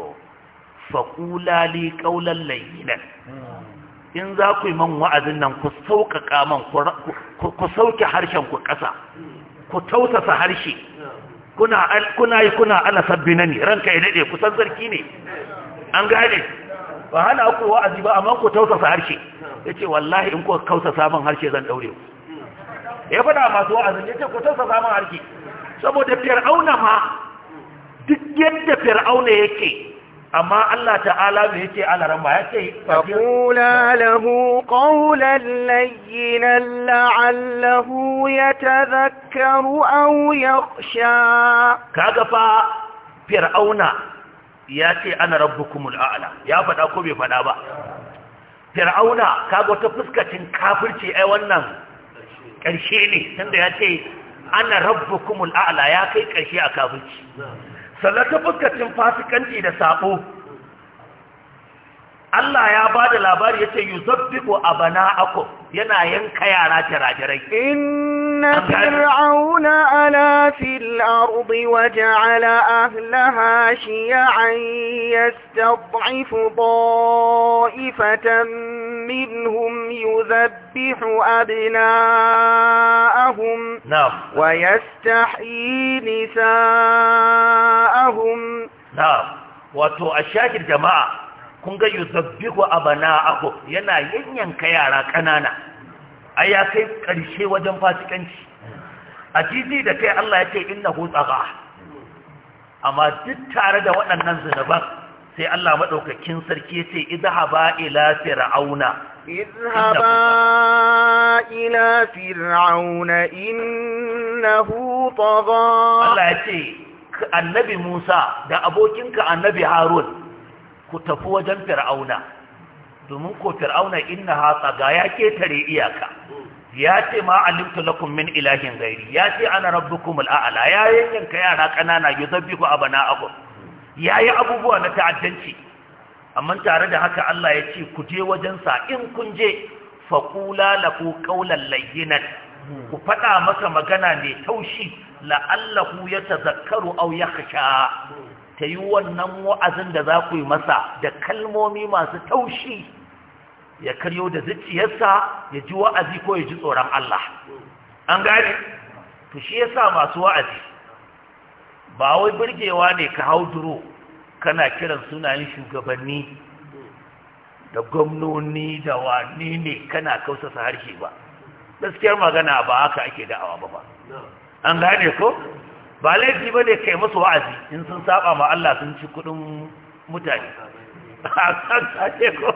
faqula li qawlan layyinan in za ku yi man wa'azin nan ku sauƙaƙa man ku sauke harshen ku ƙasa ku tausasa harshe kuna kuna yi kuna ana sabbina ne ranka ya dade kusan sarki ne an gane ba hana ku wa'azi ba amma ku tausasa harshe yace wallahi in ku kausa man harshe zan daure ku ya fada masu wa'azi yace ku tausasa man harshe saboda fir'auna ma duk yadda fir'auna yake amma Allah ta'ala bai yake alaran ba yake faqula lahu qawlan layyinan la'allahu yatadhakkaru aw yakhsha kaga fa fir'auna yace ana rabbukumul a'la ya fada ko bai fada ba fir'auna kaga ta fuskacin kafirci ai wannan karshe ne tunda yace ana rabbukumul a'la ya kai karshe a kafirci sannan ta fuskacin fasikanci da sabo Allah ya ba da labari ya ce bana abana'akum yana yanka yara tirajirai إن فرعون ألا في الأرض وجعل أهلها شيعا يستضعف طائفة منهم يذبح أبناءهم نعم ويستحيي نساءهم نعم وتؤشاك الجماعة كنت يذبح أبناءهم ينا ينين كيارا كنانا a ya kai ƙarshe wajen fasikanci a titi da kai Allah ya ce inna hu amma duk tare da waɗannan zunuban sai Allah maɗaukakin sarki ya ce idhaba ila fir'auna اذهبا إلى فرعون إنه طغى الله يتي النبي موسى ده أبوكينك النبي هارون كتفوا جن فرعون domin ko fir'auna inna hatsa ga ya ketare iyaka ya ce ma alimtu lakum min ilahin gairi ya ce ana rabbukum al'ala ya yanyanka yara kanana yuzabbihu abana'akum ya yi abubuwa na ta'addanci amma tare da haka Allah ya ce ku je wajen sa in kun je faƙula lahu ƙaunar layyinan ku faɗa masa magana mai taushi la'allahu ya tazakkaru au ya ta yi wannan wa'azin da za ku yi masa da kalmomi masu taushi ya karyo da zuciyarsa ya ji wa'azi ko ya ji tsoron Allah an gane to shi yasa masu wa'azi ba wai burgewa ne ka hau duro kana kiran sunayen shugabanni da gwamnoni da wani ne kana kausasa harshe ba gaskiyar magana ba haka ake da'awa ba ba an gane ko ba laifi ba ne kai masu wa'azi in sun saba ma Allah sun ci kudin mutane a kan ko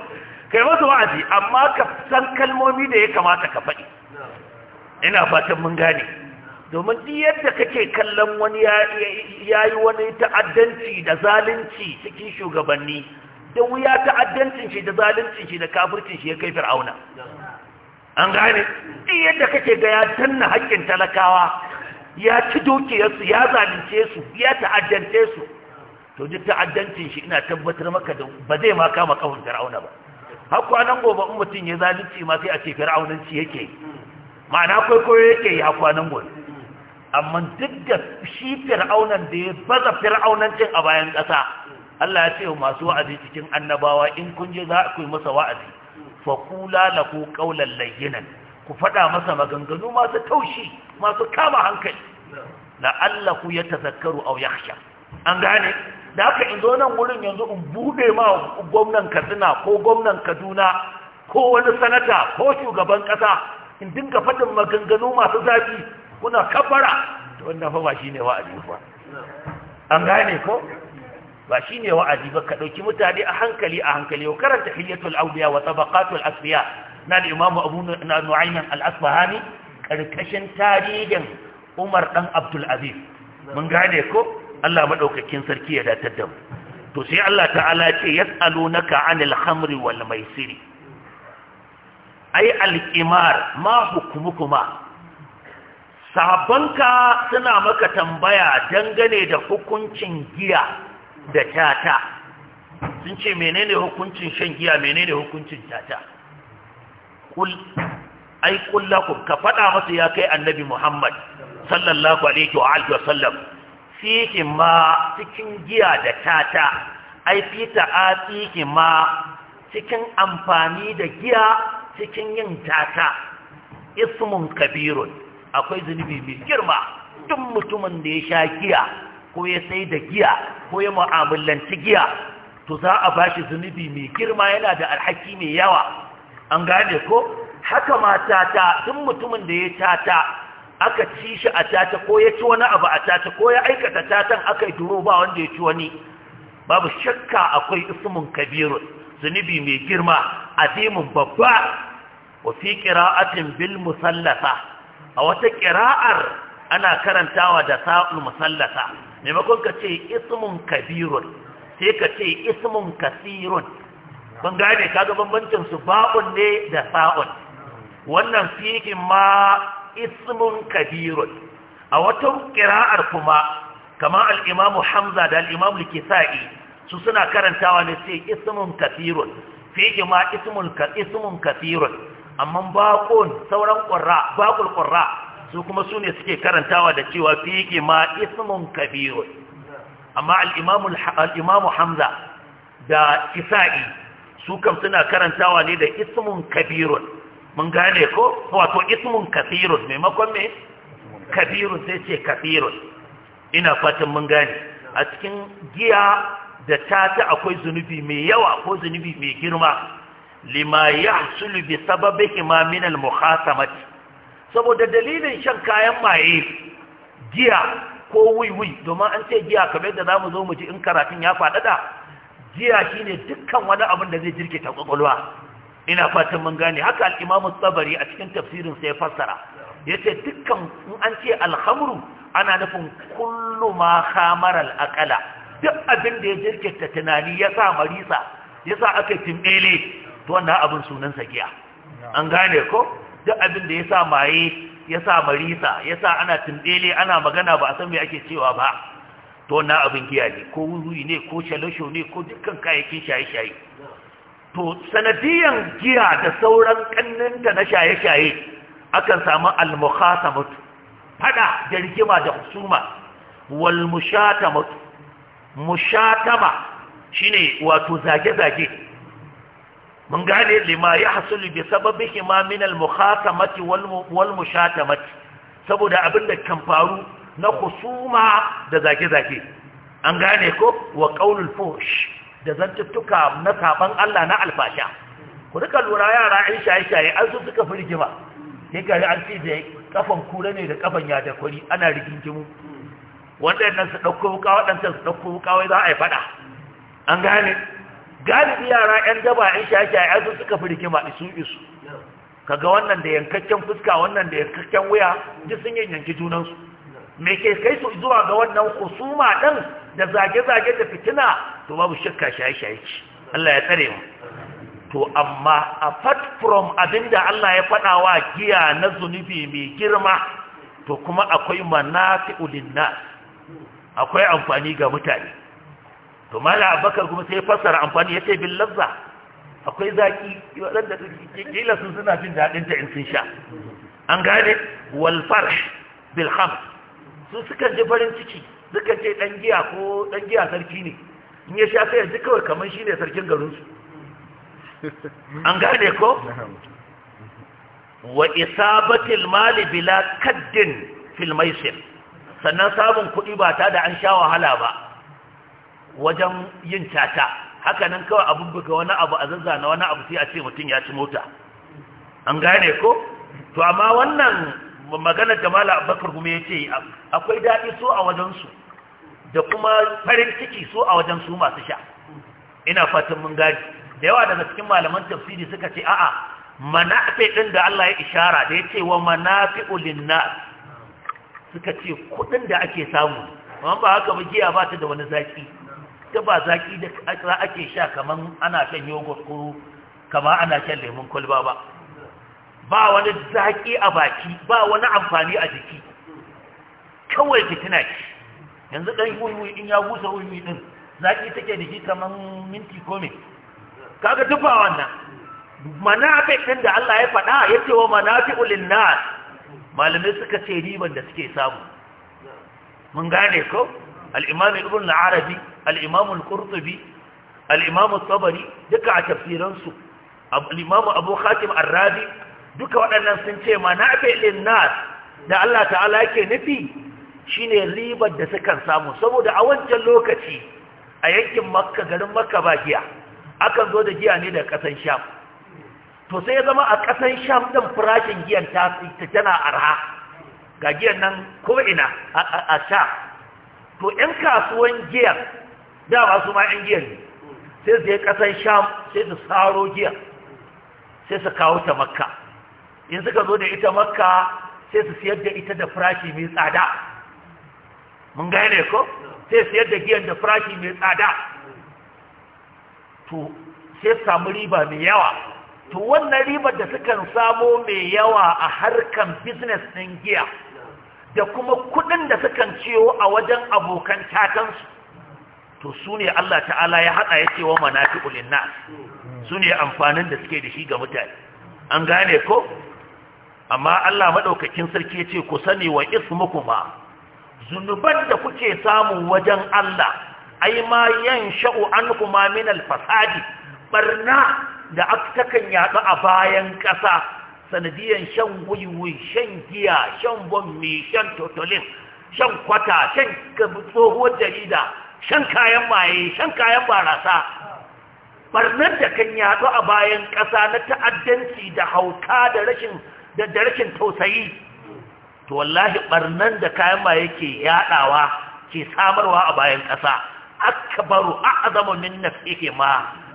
kai masu wa'azi amma ka san kalmomi da ya kamata ka faɗi ina fatan mun gane domin duk yadda kake kallon wani ya yi wani ta'addanci da zalunci cikin shugabanni da wuya ta'addancin shi da zaluncin shi da kafircin shi ya kai fir'auna an gane duk yadda kake ga ya danna haƙƙin talakawa ya ci dukiyarsu ya zalunce su ya ta'addance su to duk ta'addancin shi ina tabbatar maka da ba zai ma kama kafin fir'auna ba har kwanan gobe in mutum ya zalunci ma sai a ce fir'aunanci yake ma'ana koyo yake yi a kwanan gobe amma duk da shi fir'aunan da ya baza fir'aunancin a bayan ƙasa Allah ya ce wa masu wa'azi cikin annabawa in kun je za ku yi masa wa'azi fa kula ku qawlan layyinan ku faɗa masa maganganu masu taushi masu kama hankali la'allahu yatazakkaru aw yakhsha an gane da aka in nan wurin yanzu in buɗe ma gwamnan katsina ko gwamnan kaduna ko wani sanata ko shugaban ƙasa in dinga faɗin maganganu masu zafi kuna kafara to wannan fa ba shi ne wa'azi ba an gane ko ba shi ne wa'azi ba ka ɗauki mutane a hankali a hankali ko karanta hiyatul awliya wa tabaqatul asfiya na da imamu abu na al-asfahani karkashin tarihin umar dan abdul aziz mun gane ko Allah maɗaukakin sarki ya datar da mu to sai Allah ta'ala ce yas'alunaka 'anil khamri wal maisiri ai al-qimar ma hukmukuma sahabbanka suna maka tambaya dangane da hukuncin giya da tata sun ce menene hukuncin shan giya menene hukuncin tata kul ai kullakum ka faɗa masa ya kai annabi Muhammad sallallahu alaihi wa alihi wasallam fihi ma cikin giya da tata ai fi fihi ma cikin amfani da giya cikin yin tata ismun kabirun akwai zunubi mai girma duk mutumin da ya sha giya ko ya sai da giya ko ya mu'amalanci giya to za a bashi zunubi mai girma yana da alhaki mai yawa an gane ko haka ma tata duk mutumin da ya tata aka ci shi a tata ko ya ci wani abu a tata ko ya aikata tatan aka yi duro ba wanda ya ci wani babu shakka akwai ismun kabiru zunubi mai girma azimin babba wa fi qira'atin bil musallasa a wata qira'ar ana karantawa da sa'ul musallasa maimakon ka ce ismun kabirun sai ka ce ismun kasirun ban gane kaga bambancin su ba'un ne da sa'un wannan fi'in ma ismun kabirun a wata ƙira'ar kuma kama al'imamu hamza da al'imamu kisa'i su suna karantawa ne sai ismun Kabirun. fiye ma ismun Kabirun. amma bakon sauran ƙwarra baƙul ƙwarra su kuma su ne suke karantawa da cewa fiye ma ismun Kabirun. amma al'imamu hamza da kisa'i su kam suna karantawa ne da ismun kabirun mun gane ko wato ismun kafirun maimakon me kafirun sai ce kafirun ina fatan mun gane a cikin giya da tata akwai zunubi mai yawa ko zunubi mai girma lima sulu bi sababe kima min al saboda dalilin shan kayan maye giya ko wiwi domin an ce giya kamar da zamu zo mu ji in karatun ya faɗaɗa giya shine dukkan wani abin da zai jirkita kwakwalwa ina fatan mun gane haka al-Imam tsabari a cikin tafsirin sa ya fassara yace dukkan in an ce al-khamru ana nufin kullu ma khamar al-aqala duk abin da ya jirkita tunani ya sa marisa ya sa aka timbele to wannan abin sunan sa giya an gane ko duk abin da ya sa maye ya sa marisa ya sa ana timbele ana magana ba a san me ake cewa ba to wannan abin giya ne ko wuzuyi ne ko shalasho ne ko dukkan kayayyakin shaye-shaye to sanadiyan giya da sauran kanninta na shaye-shaye akan samu al-mukhasamatu fada da rigima da husuma wal mushatamatu mushatama shine wato zage-zage mun gane lima ya hasulu bi sababihi ma min al-mukhasamati wal mushatamati saboda abin da kan faru na husuma da zage-zage an gane ko wa qaulul fush. da zantuttuka na saban Allah na alfasha ku rika lura yara ai shaye-shaye an su suka fi rigima sai gari an ce da kafan kura ne da kafan ya da kwari ana rigingimu waɗannan su ɗauko wuka waɗancan su ɗauko wuka wai za a yi faɗa an gane galibi yara 'yan daba 'yan shaye-shaye an su suka fi rigima isu isu kaga wannan da yankakken fuska wannan da yankakken wuya duk sun yanki junansu me ke kai su zuwa ga wannan husuma ɗin da zage-zage da fitina to babu shakka shaye-shaye ce Allah ya tsare mu to amma apart from abinda Allah ya faɗa wa giya na zunubi mai girma to kuma akwai a linnas akwai amfani ga mutane to mala abakar kuma sai fasara amfani yace bil lazza akwai zaki wadanda kila sun suna jin dadin ta in sun sha an gane wal farh bil khams su suka ji farin ciki duka ce dan giya ko dan giya sarki ne in ya sha sai duka kawai kamar shi ne sarkin garinsu an gane ko wa isabatil mali bila kaddin fil maisir sannan samun kuɗi ba ta da an sha wahala ba wajen yin cata haka nan kawai abu buga wani abu a zazzana wani abu sai a ce mutum ya ci mota an gane ko to amma wannan maganar da mala abubakar kuma ya ce akwai daɗi so a wajensu da kuma farin ciki su a wajen su masu sha ina fatan mun gani da yawa daga cikin malaman tafsiri suka ce a'a manafi din da Allah ya ishara da ya ce wa manafi'u linna suka ce kudin da ake samu amma ba haka ba giya ba ta da wani zaki ta ba zaki da za ake sha kaman ana shan yogurt ko kama ana shan lemon kwalba ba ba wani zaki a baki ba wani amfani a jiki kawai fitina ce yanzu ɗan wuyi in ya busa wuyi ɗin zaki take da shi kamar minti ko kaga duk wannan manafi ɗin da Allah ya faɗa ya ce wa manafi linnas malamai suka ce riban da suke samu mun gane ko al-imam ibn al-arabi al-imam al-qurtubi al-imam tabari duka a tafsiran su al-imam abu khatim ar-razi duka waɗannan sun ce manafi linnas da Allah ta'ala yake nufi Shi ne ribar da sukan samu saboda a wancan lokaci a yankin makka garin makka ba giya akan zo da giya ne da kasan sham to sai ya zama a kasan sham ɗin farashin giyan ta tana arha ga giyan nan ko ina a sha to yan kasuwan giyan dama su ma yan giyan ne sai su yi kasan sham sai su saro giyan sai su kawo ta makka in suka zo da ita makka sai su siyar da ita da farashi mai tsada mun gane ko sai siyar da giyan da farashi mai tsada to sai samu riba mai yawa to wannan ribar da sukan samo mai yawa a harkan business din giya da kuma kuɗin da sukan ciwo a wajen abokan catansu to su Allah ta'ala ya haɗa ya ce wa manafi ulinna su amfanin da suke da shi ga mutane an gane ko amma Allah maɗaukakin sarki ya ce ku sani wa ismukuma zunuban da kuke samu wajen Allah ai ma yan sha'u an kuma min alfasadi barna da aftakan yaɗu a bayan ƙasa sanadiyan shan wuyi shan giya shan bommi shan totolin shan kwata shan tsohuwar jarida shan kayan maye shan kayan barasa barnar da kan yaɗu a bayan ƙasa na ta'addanci da hauka da da rashin tausayi to wallahi barnan da kayan maye ke yadawa ke samarwa a bayan ƙasa akbaru a'zamu min nafsihi ma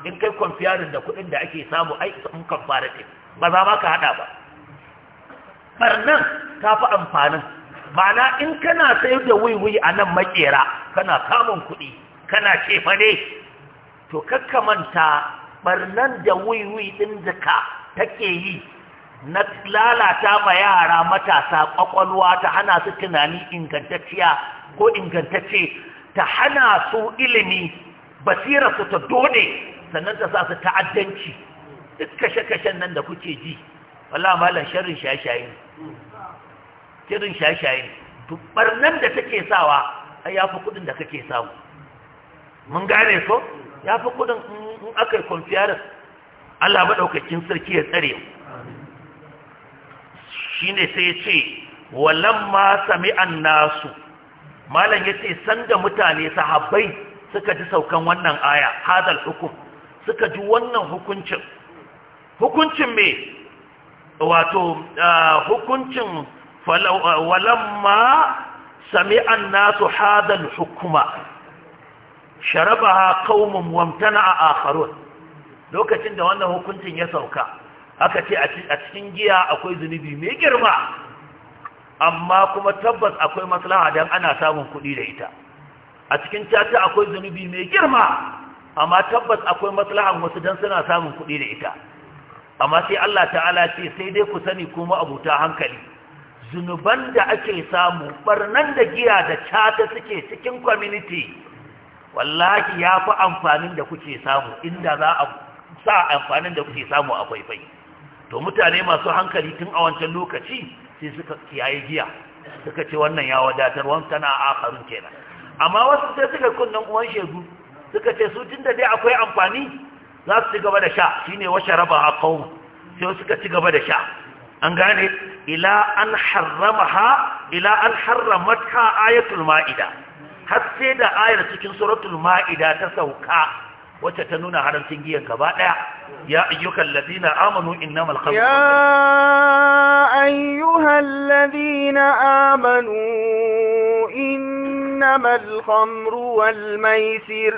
in kai kwamfiyarin da kuɗin da ake samu ai sun kamfaratif ba za ma ka hada ba barnan ta fi amfanin ma'ana in kana sayar da wiwi a nan makera kana samun kuɗi kana cefa ne to kakkamanta barnan da wiwi ɗin da ka take yi na lalata ma yara matasa kwakwalwa ta hana su tunani ingantacciya ko ingantacce ta hana su ilimi basira su ta dode sannan ta sa su ta'addanci duk kashe-kashen nan da kuke ji wala malam shirin shaye-shaye sharrin shaye-shaye dubbar nan da take sawa ai fi kudin da kake samu mun gane so yafi kudin in aka yi kwamfiyar Allah maɗaukakin sarki ya tsare Shi ne sai ce sami sami'an nasu malam ya ce sanda mutane sahabbai suka ji saukan wannan aya hadal hukum suka ji wannan hukuncin hukuncin me wato hukuncin sami sami'an nasu hadal hukuma sharabaha qaumun a akharun lokacin da wannan hukuncin ya sauka aka ce a cikin giya akwai zunubi mai girma amma kuma tabbas akwai maslaha don ana samun kuɗi da ita a cikin caca akwai zunubi mai girma amma tabbas akwai maslahan wasu don suna samun kuɗi da ita amma sai Allah ta'ala ce sai dai ku sani kuma abuta hankali zunuban da ake samu barnan da giya da cata suke cikin kwaminiti, wallahi ya fi amfanin da kuke samu inda za a sa amfanin da kuke samu a faifai to mutane masu hankali tun a wancan lokaci sai suka kiyaye giya suka ce wannan ya wadatar wani tana akarun kenan amma wasu sai suka kunnen uwan shegu suka ce su tunda dai akwai amfani za su ci gaba da sha shine washe raba a kawo sai suka ci gaba da sha an gane ila an harramaha ila an harramatha ayatul ma'ida har sai da ayar cikin suratul ma'ida ta sauka wacce ta nuna haramcin giyan gaba daya ya ayyukan ladina amanu innamal khamru ya ayyuhal ladina amanu innamal khamru wal maisir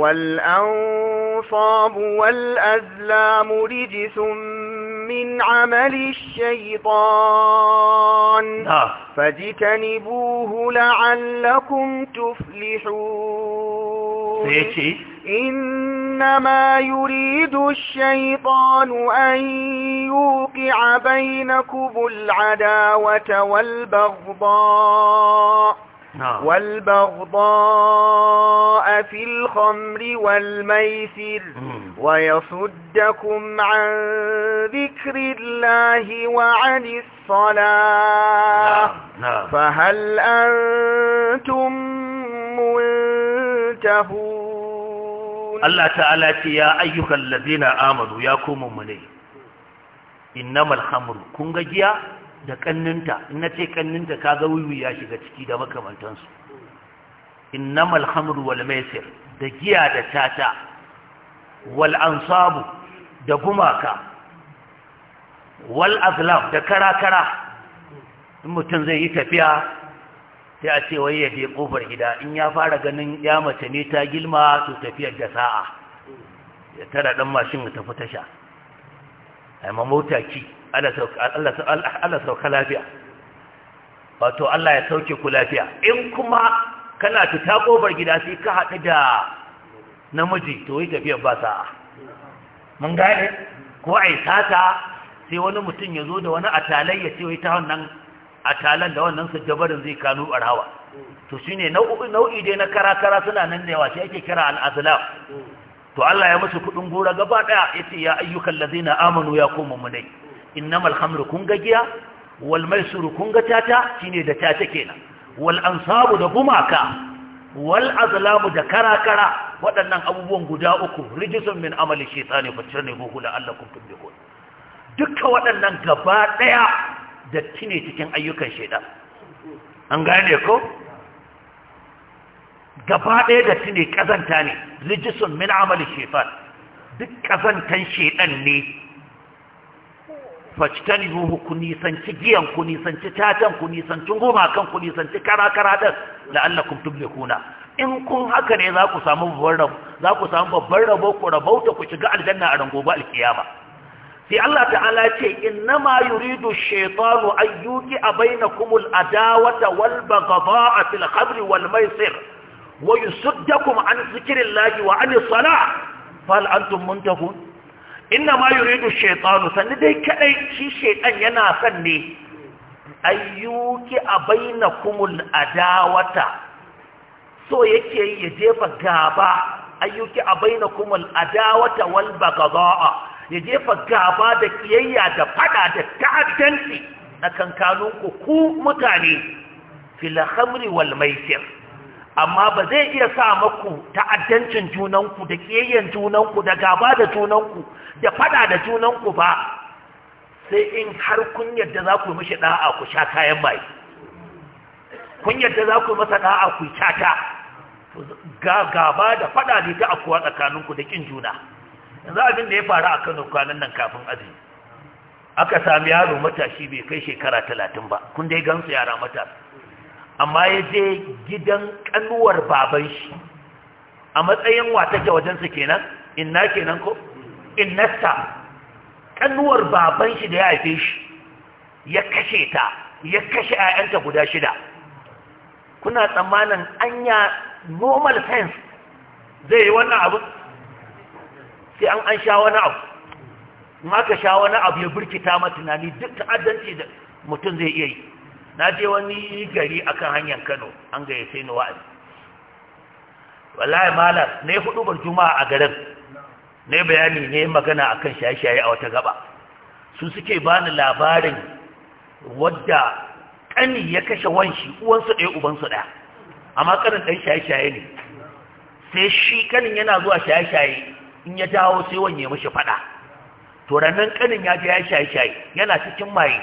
wal ansab wal azlam rijsum min amali shaytan fajtanibuhu la'allakum tuflihun sai ce إنما يريد الشيطان أن يوقع بينكم العداوة والبغضاء نعم. والبغضاء في الخمر والميسر ويصدكم عن ذكر الله وعن الصلاة نعم، نعم. فهل أنتم منتهون Allah ta'ala ce ya ayyukan lazina Amadu ya koma mune innamal hamru kun ga giya da kanninta in nace ce kanninta kaga ga ya shiga ciki da makamantansu innamal hamru wal maisir da giya da tata wal ansabu da gumaka wal azlam da karakara in mutum zai yi tafiya sai a ce wai ya je kofar gida in ya fara ganin ya mace ne ta gilma to tafiyar da sa'a ya tara dan mashin ta fita tasha ai ma mota ki Allah sauka lafiya wato Allah ya sauke ku lafiya in kuma kana ta kofar gida sai ka haɗu da namiji to yi tafiyar ba sa'a mun gane ko ai sata sai wani mutum ya zo da wani atalai ya ce wai ta wannan a talan da wannan su jabarin zai kanu barawa to shine nau'i nau'i dai na karakara suna nan da yawa shi ake kira al-azlam to Allah ya musu kudin gora gaba daya yace ya ayyukan na amanu ya kuma munai inna khamru kun ga giya wal suru kun ga tata shine da tata kenan wal ansabu da gumaka wal azlamu da karakara waɗannan abubuwan guda uku rijisun min amali shaitani fatirne buhu la'allakum tuflihun Duka waɗannan gaba ɗaya datti ne cikin ayyukan shaidan an gane ko gaba ɗaya datti ne ƙazanta ne rijisun min amalin duk ƙazantan shaidan ne facitan yuhu ku nisanci giyan ku nisanci tatan ku nisanci gumakan ku nisanci kara-kara ɗin mai kuna in kun haka ne za ku samu babban rabo ku rabauta ku shiga aljanna a rangoba alkiyama sai Allah ta'ala ce innama yuridu shaytanu ayyuki bainakum al-adawata wal baghdha'a fil khamri wal maisir wa yusuddakum an zikrillahi wa an salah fal antum muntahun innama yuridu shaytanu sanni dai kadai shi shaytan yana son ne ayyuki bainakum al-adawata so yake ya jefa gaba ayyuki bainakum al-adawata wal baghdha'a ya jefa gaba da kiyayya da fada da ta'addanci a kankaninku ku mutane filhamri wal maisir amma ba zai iya sa maku ta'addancin junanku da kiyayyen junanku da gaba da junanku da fada da junanku ba sai in har kun yadda za ku yi mashi da'a ku sha kayan mai kun yadda za ku masa da'a ku yi cata gaba da fada ne ta akuwa tsakaninku da kin juna yanzu abin da ya faru a kano kwanan nan kafin azumi aka sami yaro matashi bai kai shekara talatin ba kun dai gansu yara matasa amma ya je gidan kanuwar baban shi a matsayin watake wajensa kenan inna kenan ko innasta kanuwar baban shi da ya haife shi ya kashe ta ya kashe 'ya'yanta guda shida kuna tsammanin anya normal sense zai yi wannan abin sai an an sha wani abu in aka sha wani abu ya burkita ma tunani duk ta'addanci da mutum zai iya yi na je wani gari akan hanyar Kano an gayyace ni wa'azi wallahi malam ne hudu bar juma'a a garin ne bayani ne magana akan shaye-shaye a wata gaba su suke bani labarin wadda kani ya kashe wanshi uwansu ɗaya ubansu ɗaya amma kanin ɗan shaye-shaye ne sai shi kanin yana zuwa shaye-shaye in ya dawo sai wanye mishi fada to rannan kanin ya je ya shaye shaye yana cikin maye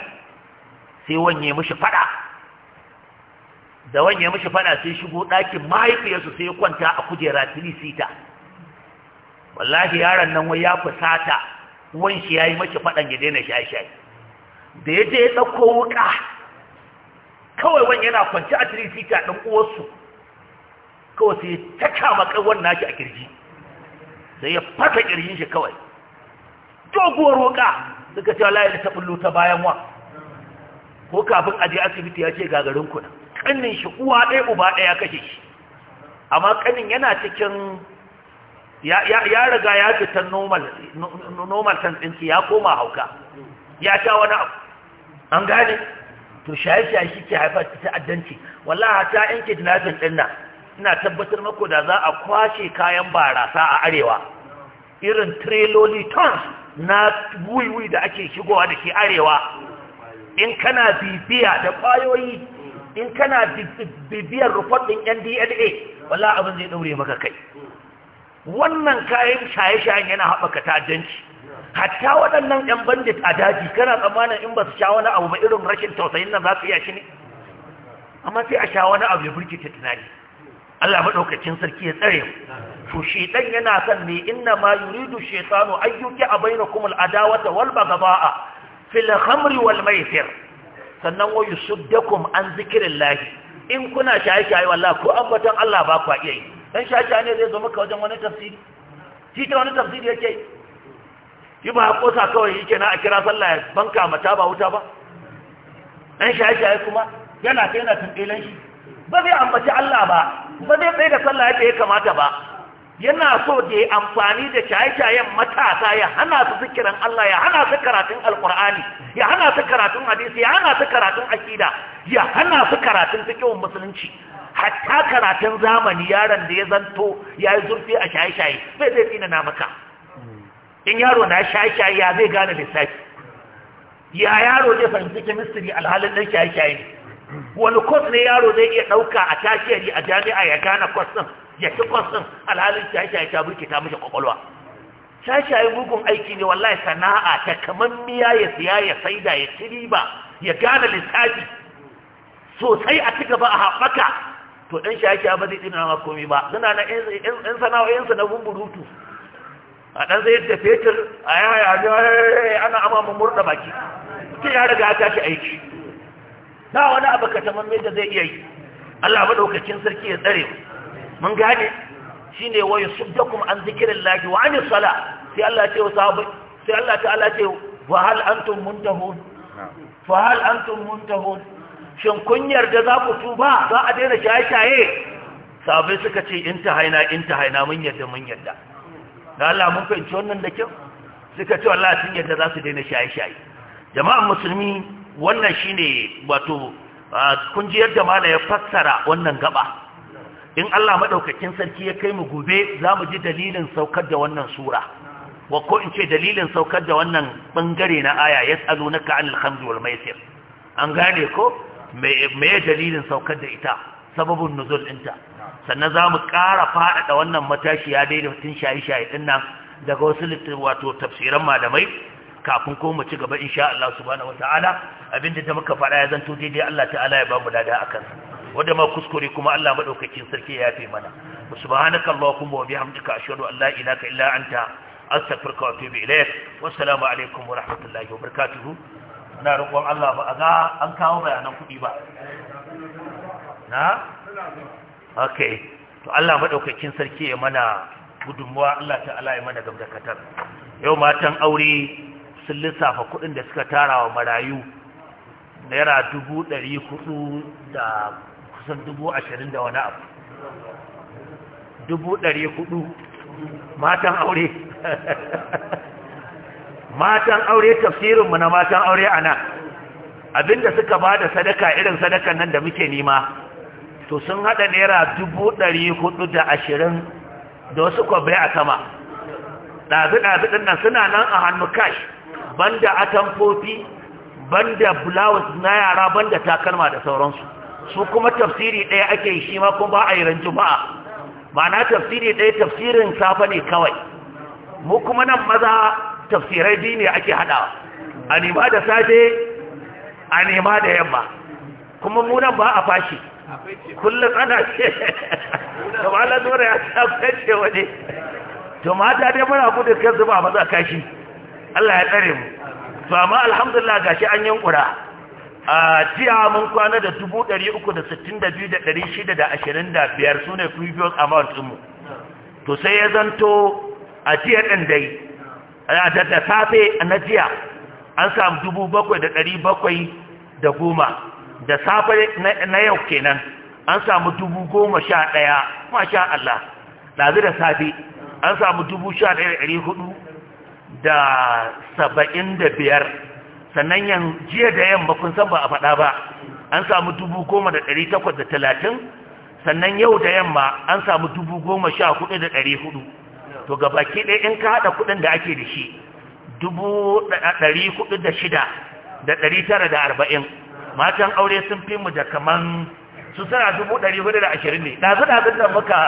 sai wanye mishi fada da wanye mishi fada sai shigo ɗakin mahaifiyarsu sai ya kwanta a kujera tilisita wallahi yaron nan wai ya fusata uwan shi yi mashi fadan ya daina shaye shaye da ya je ya ɗauko wuka kawai wani yana kwanci a tilisita ɗan uwarsu kawai sai ta kama ƙawar nashi a kirji sai ya fasa kirjin shi kawai doguwar wuka suka ce wallahi ta bullo ta bayan wa ko kafin aje asibiti ya ce gagarin kuna Ƙannin shi uwa ɗaya uba ɗaya kashe shi amma ƙannin yana cikin ya riga ya fitar normal tantsinci ya koma hauka ya sha wani abu an gane to shaye-shaye shi ke haifar ta ta'addanci wallaha ta yanke jinafin ɗin ina tabbatar mako da za a kwashe kayan barasa a arewa irin triloli tons na wuiwui da ake shigowa da ke arewa in kana bibiya da kwayoyi in kana bibiyar rufaɗin din ndla wala abin zai daure maka kai wannan kayan shaye-shayen yana haɓaka ta'addanci hatta waɗannan 'yan bandit a daji kana tsammanin in ba su sha wani abu ba irin rashin tausayin nan za su iya shi ne amma sai a sha wani abu ya birkita tunani Allah madaukakin sarki ya tsare mu to shedan yana son ne inna ma yuridu shaytanu ayyuka bainakum adawa da wal baghdha'a fil khamri wal maisir sannan wa yusuddakum an zikirin lahi. in kuna shaye shaye wallahi ko ambaton Allah ba ku iya yi dan shaye shaye ne zai zo maka wajen wani tafsiri shi ta wani tafsiri yake Yi ba kosa kawai yake na a kira sallah ya banka mata ba wuta ba dan shaye-shaye kuma yana kai na tunɗelen shi ba zai ambaci Allah ba ba zai tsaye da sallah yadda ya kamata ba yana so da ya amfani da shaye-shayen matasa ya hana su zikirin Allah ya hana su karatun alkur'ani ya hana su karatun hadisi ya hana su karatun akida ya hana su karatun fikihun musulunci hatta karatun zamani yaron da ya zanto ya yi zurfi a shaye-shaye zai zai tsina na maka in yaro na shaye-shaye ya zai gane lissafi ya yaro zai fahimci kemistiri alhalin ɗan shaye-shaye ne wani kwas ne yaro zai iya ɗauka a tashiyari a jami'a ya gane kwas ɗin ya ci kwas ɗin alhalin shaye-shaye ta mashi kwakwalwa shaye-shaye mugun aiki ne wallahi sana'a ta kamar miya ya siya ya saida ya ci riba ya gane lissafi sosai a ci gaba a haɓaka to ɗan shaye-shaye ba zai ɗina na makomi ba suna na ƴan sana'o'insu na bumburutu a ɗan zai da fetur a yaya ana amma murɗa baki mutum ya riga ya tashi aiki ba wani abu ka taman da zai iya yi Allah madaukakin sarki ya tsare mun gane shine wa yusuddakum an zikrillahi wa anis sala sai Allah ce wa sahabbai sai Allah ta'ala ce wa hal antum muntahun fa hal antum muntahun shin kun yarda za ku tuba za a daina shaye-shaye Sabai suka ce in in ta haina, ta haina mun yarda mun yarda da Allah mun fahimci wannan da kyau suka ce wallahi sun yarda za su daina shaye-shaye jama'an musulmi wannan shi ne wato kun ji yadda mala ya fassara wannan gaba in Allah madaukakin sarki ya kai mu gobe za mu ji dalilin saukar da wannan sura wa ko in ce dalilin saukar da wannan bangare na aya ya na Ka'an alhamdu wal maisir an gane ko me dalilin saukar da ita sababin nuzul ɗinta sannan za mu ƙara faɗaɗa wannan matashiya daidai tun shaye-shaye ɗin nan daga wasu wato tafsiran malamai kafin ko mu ci gaba insha Allah subhanahu wataala abinda da muka faɗa ya zanto daidai Allah ta'ala ya bamu lada akan wanda ma kuskure kuma Allah madaukakin sarki ya yafe mana subhanaka allahumma wa bihamdika ashhadu an la ilaha illa anta astaghfiruka wa atubu ilayk wa assalamu alaikum wa rahmatullahi wa barakatuh Ana roƙon Allah ba a ga an kawo bayanan kuɗi ba na okay to Allah madaukakin sarki ya mana gudunmuwa Allah ta'ala ya mana gamdakatar yau matan aure sun lissafa kuɗin da suka tara wa marayu naira dubu ɗari hudu da kusan dubu ashirin da wani abu dubu ɗari hudu matan aure matan aure tafsirinmu na matan aure a nan abinda suka ba da sadaka irin sadakan nan da muke nima to sun haɗa naira dubu ɗari hudu da ashirin da wasu kwabai a sama ɗazi-ɗazi ɗin nan suna nan a hannu kash. banda atamfofi banda blouse na yara banda takalma da sauransu su kuma tafsiri ɗaya ake shi ma kuma ba a yi ran juma'a ma'ana tafsiri ɗaya tafsirin safa ne kawai mu kuma nan maza tafsirai biyu ne ake haɗawa a nema da safe a nema da yamma kuma mu nan ba a fashi kullum ana ce da ba la ya ta fashe wani to mata dai muna gudun kan zuba maza kashi Allah ya tsare mu to amma alhamdulillah gashi an yankura a jiya mun kwana da 362,625 su ne previous amount mu to sai ya zanto a jiya ɗin dai A da safe na jiya an samu 7,710 da safe na yau kenan an samu 10,011 masha Allah ɗazu da safe an samu 11,400 da saba'in da biyar sannan yan jiya da yamma kun san ba a faɗa ba an samu dubu goma da ɗari takwas da talatin sannan yau da yamma an samu dubu goma sha hudu da ɗari hudu to ga baki ɗaya in ka haɗa kuɗin da ake da shi dubu ɗari hudu da shida da ɗari tara da arba'in matan aure sun fi mu da kaman su suna dubu ɗari hudu da ashirin ne ɗazu ɗazu da muka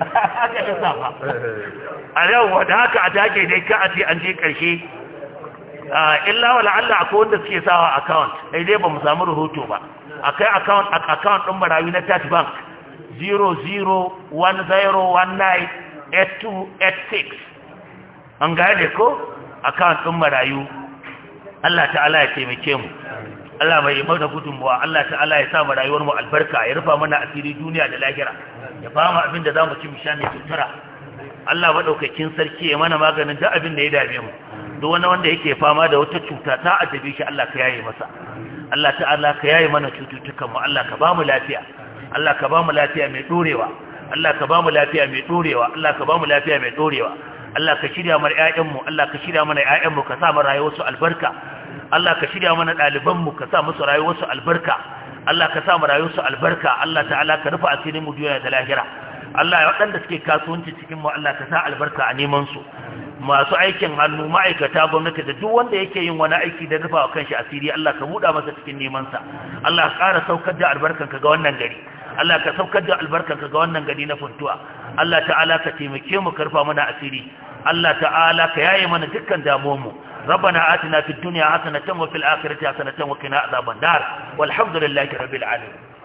Eh. a yau da haka a take dai ka a ce an je karshe illa wa Allah a wanda suke sawa account ɗai dai ba mu samu rahoto ba a kai account ɗin marayu na Tat Bank 0010198286 an gane ko account ɗin marayu Allah ta'ala ya taimake mu Allah mai da gudunmuwa Allah ta'ala ya sa mu rayuwar mu albarka ya rufa mana asiri duniya da lahira ya ba abin da zamu ci mu sha mai sutura Allah madaukakin sarki ya mana maganin duk abin da ya dame mu duk wani wanda yake fama da wata cuta ta addabe shi Allah ka yaye masa Allah ta'ala ka yaye mana cututtukan mu Allah ka ba mu lafiya Allah ka ba mu lafiya mai dorewa Allah ka ba mu lafiya mai dorewa Allah ka ba mu lafiya mai dorewa Allah ka shirya mana ƴaƴan mu Allah ka shirya mana ƴaƴan mu ka sa mu rayuwar su albarka Allah ka shirya mana ɗalibanmu ka sa musu rayuwarsu albarka Allah ka sa mu rayuwarsu albarka Allah ta'ala ka rufa asirin mu duniya da lahira Allah waɗanda suke kasuwanci cikin mu Allah ka sa albarka a neman su masu aikin hannu ma'aikata gwamnati da duk wanda yake yin wani aiki da rufa wa kanshi asiri Allah ka buɗa masa cikin neman sa Allah ka ƙara saukar da albarkanka ga wannan gari Allah ka saukar da albarkanka ga wannan gari na funtuwa Allah ta'ala ka taimake mu karfa mana asiri Allah ta'ala ka yaye mana dukkan damuwanmu rabbana atina fid dunya hasanatan wa fil akhirati hasanatan wa qina adhaban nar walhamdulillahi rabbil alamin